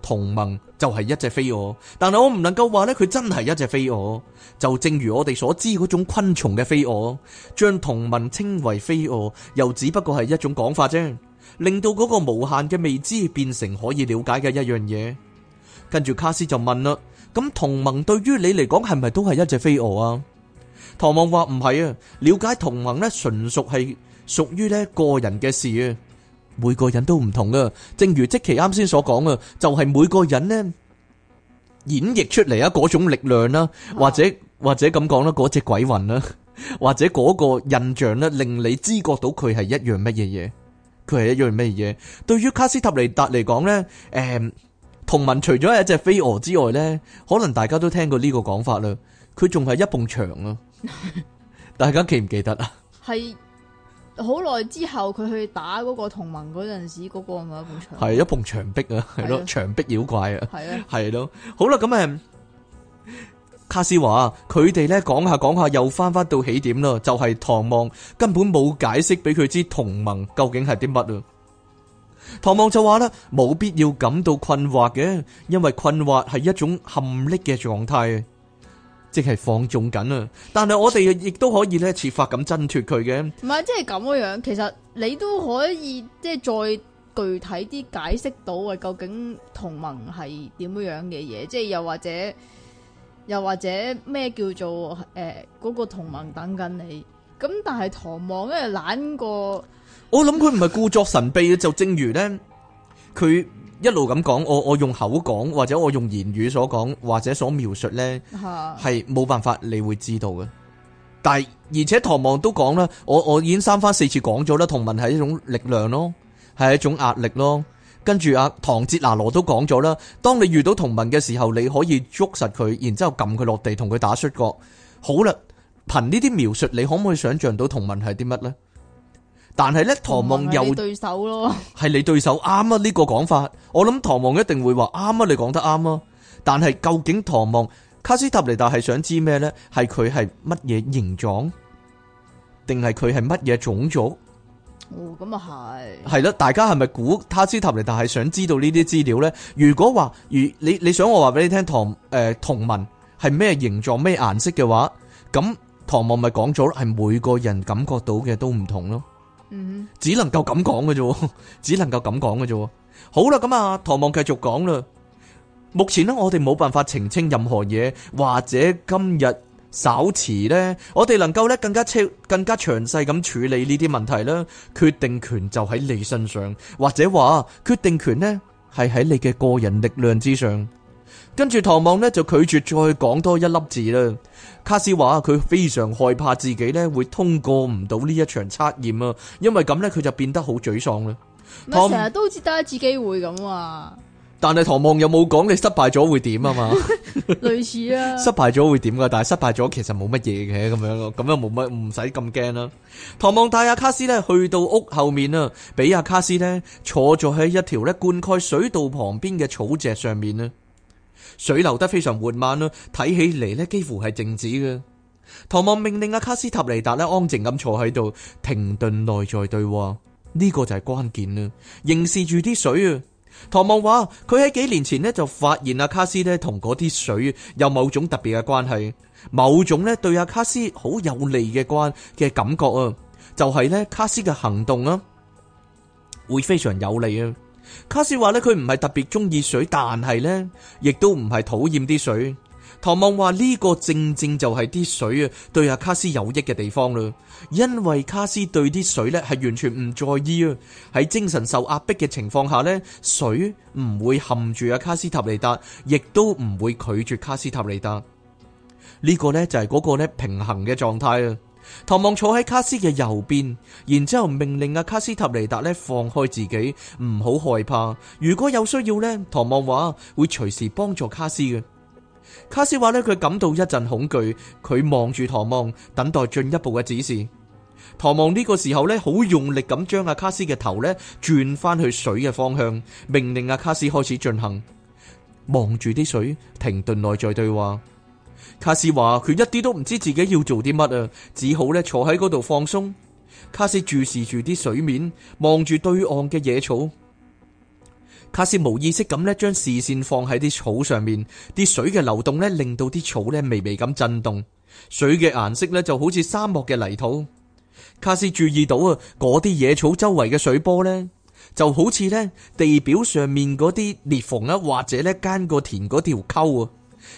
同盟就係一隻飛蛾，但係我唔能夠話呢。佢真係一隻飛蛾，就正如我哋所知嗰種昆蟲嘅飛蛾，將同盟稱為飛蛾，又只不過係一種講法啫，令到嗰個無限嘅未知變成可以了解嘅一樣嘢。跟住卡斯就問啦：咁同盟對於你嚟講係咪都係一隻飛蛾啊？唐望話唔係啊，了解同盟呢，純屬係屬於呢個人嘅事啊。每個人都唔同噶，正如即其啱先所講啊，就係每個人呢演繹出嚟啊嗰種力量啦，或者或者咁講啦，嗰隻鬼魂啦，或者嗰個印象咧，令你知覺到佢係一樣乜嘢嘢，佢係一樣乜嘢。對於卡斯塔尼達嚟講咧，誒，同文除咗係一隻飛蛾之外咧，可能大家都聽過呢個講法啦，佢仲係一埲牆啊！大家記唔記得啊？係。好耐之後，佢去打嗰個同盟嗰陣時，嗰個咪一埲牆，係一埲牆壁啊，係咯，牆壁妖怪啊，係啊，係咯，好啦，咁誒，卡斯華啊，佢哋咧講下講下，又翻翻到起點啦，就係唐望根本冇解釋俾佢知同盟究竟係啲乜啦。唐望就話啦，冇必要感到困惑嘅，因為困惑係一種含溺嘅狀態。即係放縱緊啊！但係我哋亦都可以咧設法咁掙脫佢嘅。唔係，即係咁樣。其實你都可以即係再具體啲解釋到啊，究竟同盟係點樣樣嘅嘢？即係又或者，又或者咩叫做誒嗰個同盟等緊你？咁但係唐望咧懶過，我諗佢唔係故作神秘嘅，就正如咧佢。一路咁講，我我用口講或者我用言語所講或者所描述呢，係冇辦法你會知道嘅。但係而且唐望都講啦，我我已經三番四次講咗啦，同文係一種力量咯，係一種壓力咯。跟住阿、啊、唐哲拿羅都講咗啦，當你遇到同文嘅時候，你可以捉實佢，然之後撳佢落地，同佢打摔角。好啦，憑呢啲描述，你可唔可以想象到同文係啲乜呢？但係咧，唐望又係你對手咯，係你對手啱啊！呢個講法，我諗唐望一定會話啱啊！你講得啱啊！但係究竟唐望卡斯塔尼達係想知咩咧？係佢係乜嘢形狀，定係佢係乜嘢種族？哦，咁啊係係咯，大家係咪估卡斯塔尼達係想知道呢啲資料咧？如果話如你你想我話俾你聽，唐誒、呃、同文係咩形狀、咩顏色嘅話，咁唐望咪講咗咯，係每個人感覺到嘅都唔同咯。只能夠咁講嘅啫，只能夠咁講嘅啫。好啦，咁啊，唐望繼續講啦。目前呢，我哋冇辦法澄清任何嘢，或者今日稍遲呢，我哋能夠呢更加詳更加詳細咁處理呢啲問題啦。決定權就喺你身上，或者話決定權呢，係喺你嘅個人力量之上。跟住唐望呢，就拒絕再講多一粒字啦。卡斯話佢非常害怕自己咧，會通過唔到呢一場測驗啊，因為咁呢，佢就變得好沮喪啦。唔係成日都好似得一次機會咁啊？但係唐望又冇講你失敗咗會點啊嘛？ 類似啊， 失敗咗會點噶？但係失敗咗其實冇乜嘢嘅咁樣咯，咁又冇乜唔使咁驚啦。唐望帶阿卡斯呢去到屋後面啦，俾阿、啊、卡斯呢坐咗喺一條咧灌溉水道旁邊嘅草蓆上面啦。水流得非常緩慢咯，睇起嚟咧幾乎係靜止嘅。唐望命令阿卡斯塔尼達咧安靜咁坐喺度，停頓內在對話。呢個就係關鍵啦。凝視住啲水啊，唐望話佢喺幾年前咧就發現阿卡斯咧同嗰啲水有某種特別嘅關係，某種咧對阿卡斯好有利嘅關嘅感覺啊，就係呢卡斯嘅行動啊，會非常有利啊。卡斯話咧，佢唔係特別中意水，但係呢，亦都唔係討厭啲水。唐望話呢個正正就係啲水啊，對阿卡斯有益嘅地方咯。因為卡斯對啲水呢係完全唔在意啊。喺精神受壓迫嘅情況下呢，水唔會含住阿卡斯塔利達，亦都唔會拒絕卡斯塔利達。呢個呢，就係嗰個呢平衡嘅狀態啊。唐望坐喺卡斯嘅右邊，然之後命令阿卡斯塔尼達咧，放開自己，唔好害怕。如果有需要呢，唐望話會隨時幫助卡斯嘅。卡斯話呢，佢感到一陣恐懼，佢望住唐望，等待進一步嘅指示。唐望呢個時候呢，好用力咁將阿卡斯嘅頭咧，轉翻去水嘅方向，命令阿卡斯開始進行。望住啲水，停頓內在對話。卡斯話：佢一啲都唔知自己要做啲乜啊，只好咧坐喺嗰度放鬆。卡斯注視住啲水面，望住對岸嘅野草。卡斯無意識咁咧將視線放喺啲草上面，啲水嘅流動咧令到啲草咧微微咁震動。水嘅顏色咧就好似沙漠嘅泥土。卡斯注意到啊，嗰啲野草周圍嘅水波呢，就好似咧地表上面嗰啲裂縫啊，或者咧耕過田嗰條溝啊。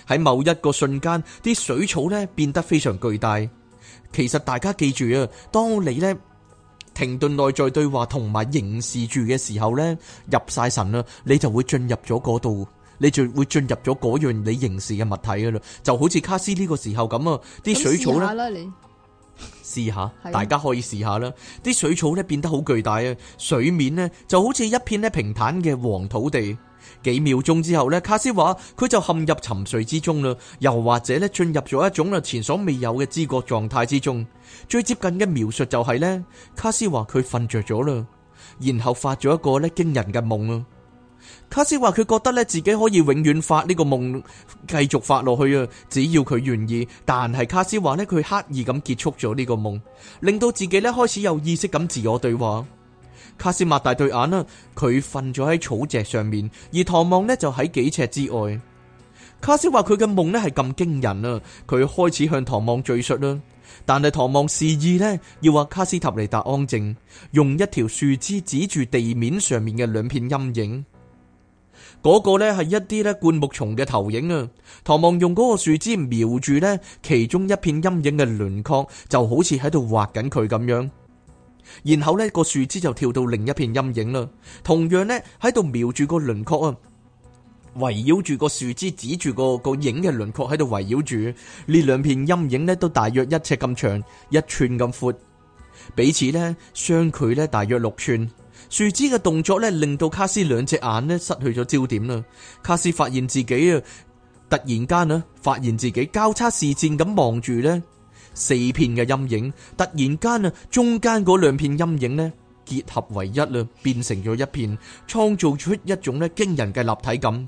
喺某一個瞬間，啲水草咧變得非常巨大。其實大家記住啊，當你呢停頓內在對話同埋凝視住嘅時候呢，入晒神啦，你就會進入咗嗰度，你就會進入咗嗰樣你凝視嘅物體噶啦，就好似卡斯呢個時候咁啊，啲水草呢試下， 下，的大家可以試下啦。啲水草呢變得好巨大啊，水面呢就好似一片呢平坦嘅黃土地。幾秒鐘之後呢，卡斯話佢就陷入沉睡之中啦，又或者咧進入咗一種啦前所未有嘅知覺狀態之中。最接近嘅描述就係呢：「卡斯話佢瞓着咗啦，然後發咗一個呢驚人嘅夢啦」。卡斯話佢覺得呢，自己可以永遠發呢個夢，繼續發落去啊，只要佢願意。但係卡斯話呢，佢刻意咁結束咗呢個夢，令到自己呢開始有意識咁自我對話。卡斯擘大對眼啦，佢瞓咗喺草席上面，而唐望呢就喺幾尺之外。卡斯話佢嘅夢呢係咁驚人啦，佢開始向唐望敘述啦，但係唐望示意呢要話卡斯塔尼達安靜，用一條樹枝指住地面上面嘅兩片陰影。嗰個呢係一啲呢灌木叢嘅投影啊。唐望用嗰個樹枝瞄住呢其中一片陰影嘅輪廓，就好似喺度畫緊佢咁樣。然後呢個樹枝就跳到另一片陰影啦，同樣呢，喺度瞄住個輪廓啊，圍繞住個樹枝指住個個影嘅輪廓喺度圍繞住呢兩片陰影呢，都大約一尺咁長，一寸咁闊，彼此呢，相距呢大約六寸。樹枝嘅動作呢，令到卡斯兩隻眼呢失去咗焦點啦。卡斯發現自己啊，突然間啊，發現自己交叉視線咁望住呢。四片嘅陰影突然間啊，中間嗰兩片陰影咧結合為一啦，變成咗一片，創造出一種咧驚人嘅立體感。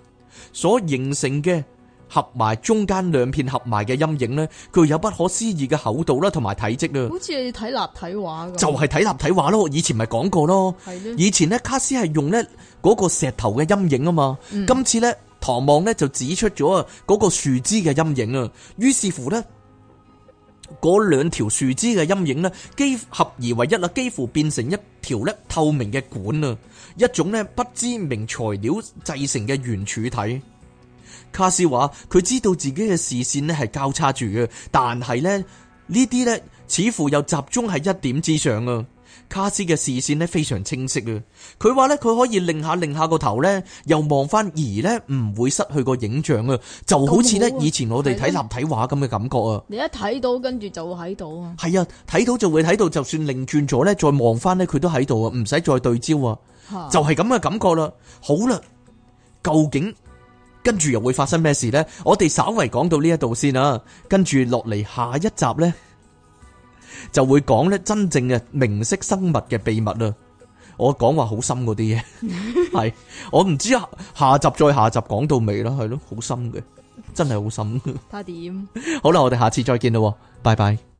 所形成嘅合埋中間兩片合埋嘅陰影咧，佢有不可思議嘅厚度啦，同埋體積啊！好似你睇立體畫，就係睇立體畫咯。以前咪講過咯，的以前咧卡斯係用呢嗰個石頭嘅陰影啊嘛。嗯、今次呢，唐望呢就指出咗嗰個樹枝嘅陰影啊，於是乎呢。嗰兩條樹枝嘅陰影咧，幾乎合而為一啦，幾乎變成一條咧透明嘅管啊，一種咧不知名材料製成嘅圓柱體。卡斯話佢知道自己嘅視線咧係交叉住嘅，但係咧呢啲咧似乎又集中喺一點之上啊。卡斯嘅視線呢非常清晰啊！佢話呢佢可以擰下擰下個頭呢又望翻，而呢唔會失去個影像啊！就好似呢以前我哋睇立體畫咁嘅感覺啊！你一睇到跟住就會喺度啊！係啊，睇到就會喺度，就算擰轉咗呢，再望翻呢，佢都喺度啊！唔使再對焦啊，就係咁嘅感覺啦。好啦，究竟跟住又會發生咩事呢？我哋稍微講到呢一度先啊，跟住落嚟下一集呢。就會講咧真正嘅明晰生物嘅秘密啦，我講話好深嗰啲嘢，係 我唔知下集再下集講到未啦，係咯，好深嘅，真係 好深。睇下點？好啦，我哋下次再見啦，拜拜。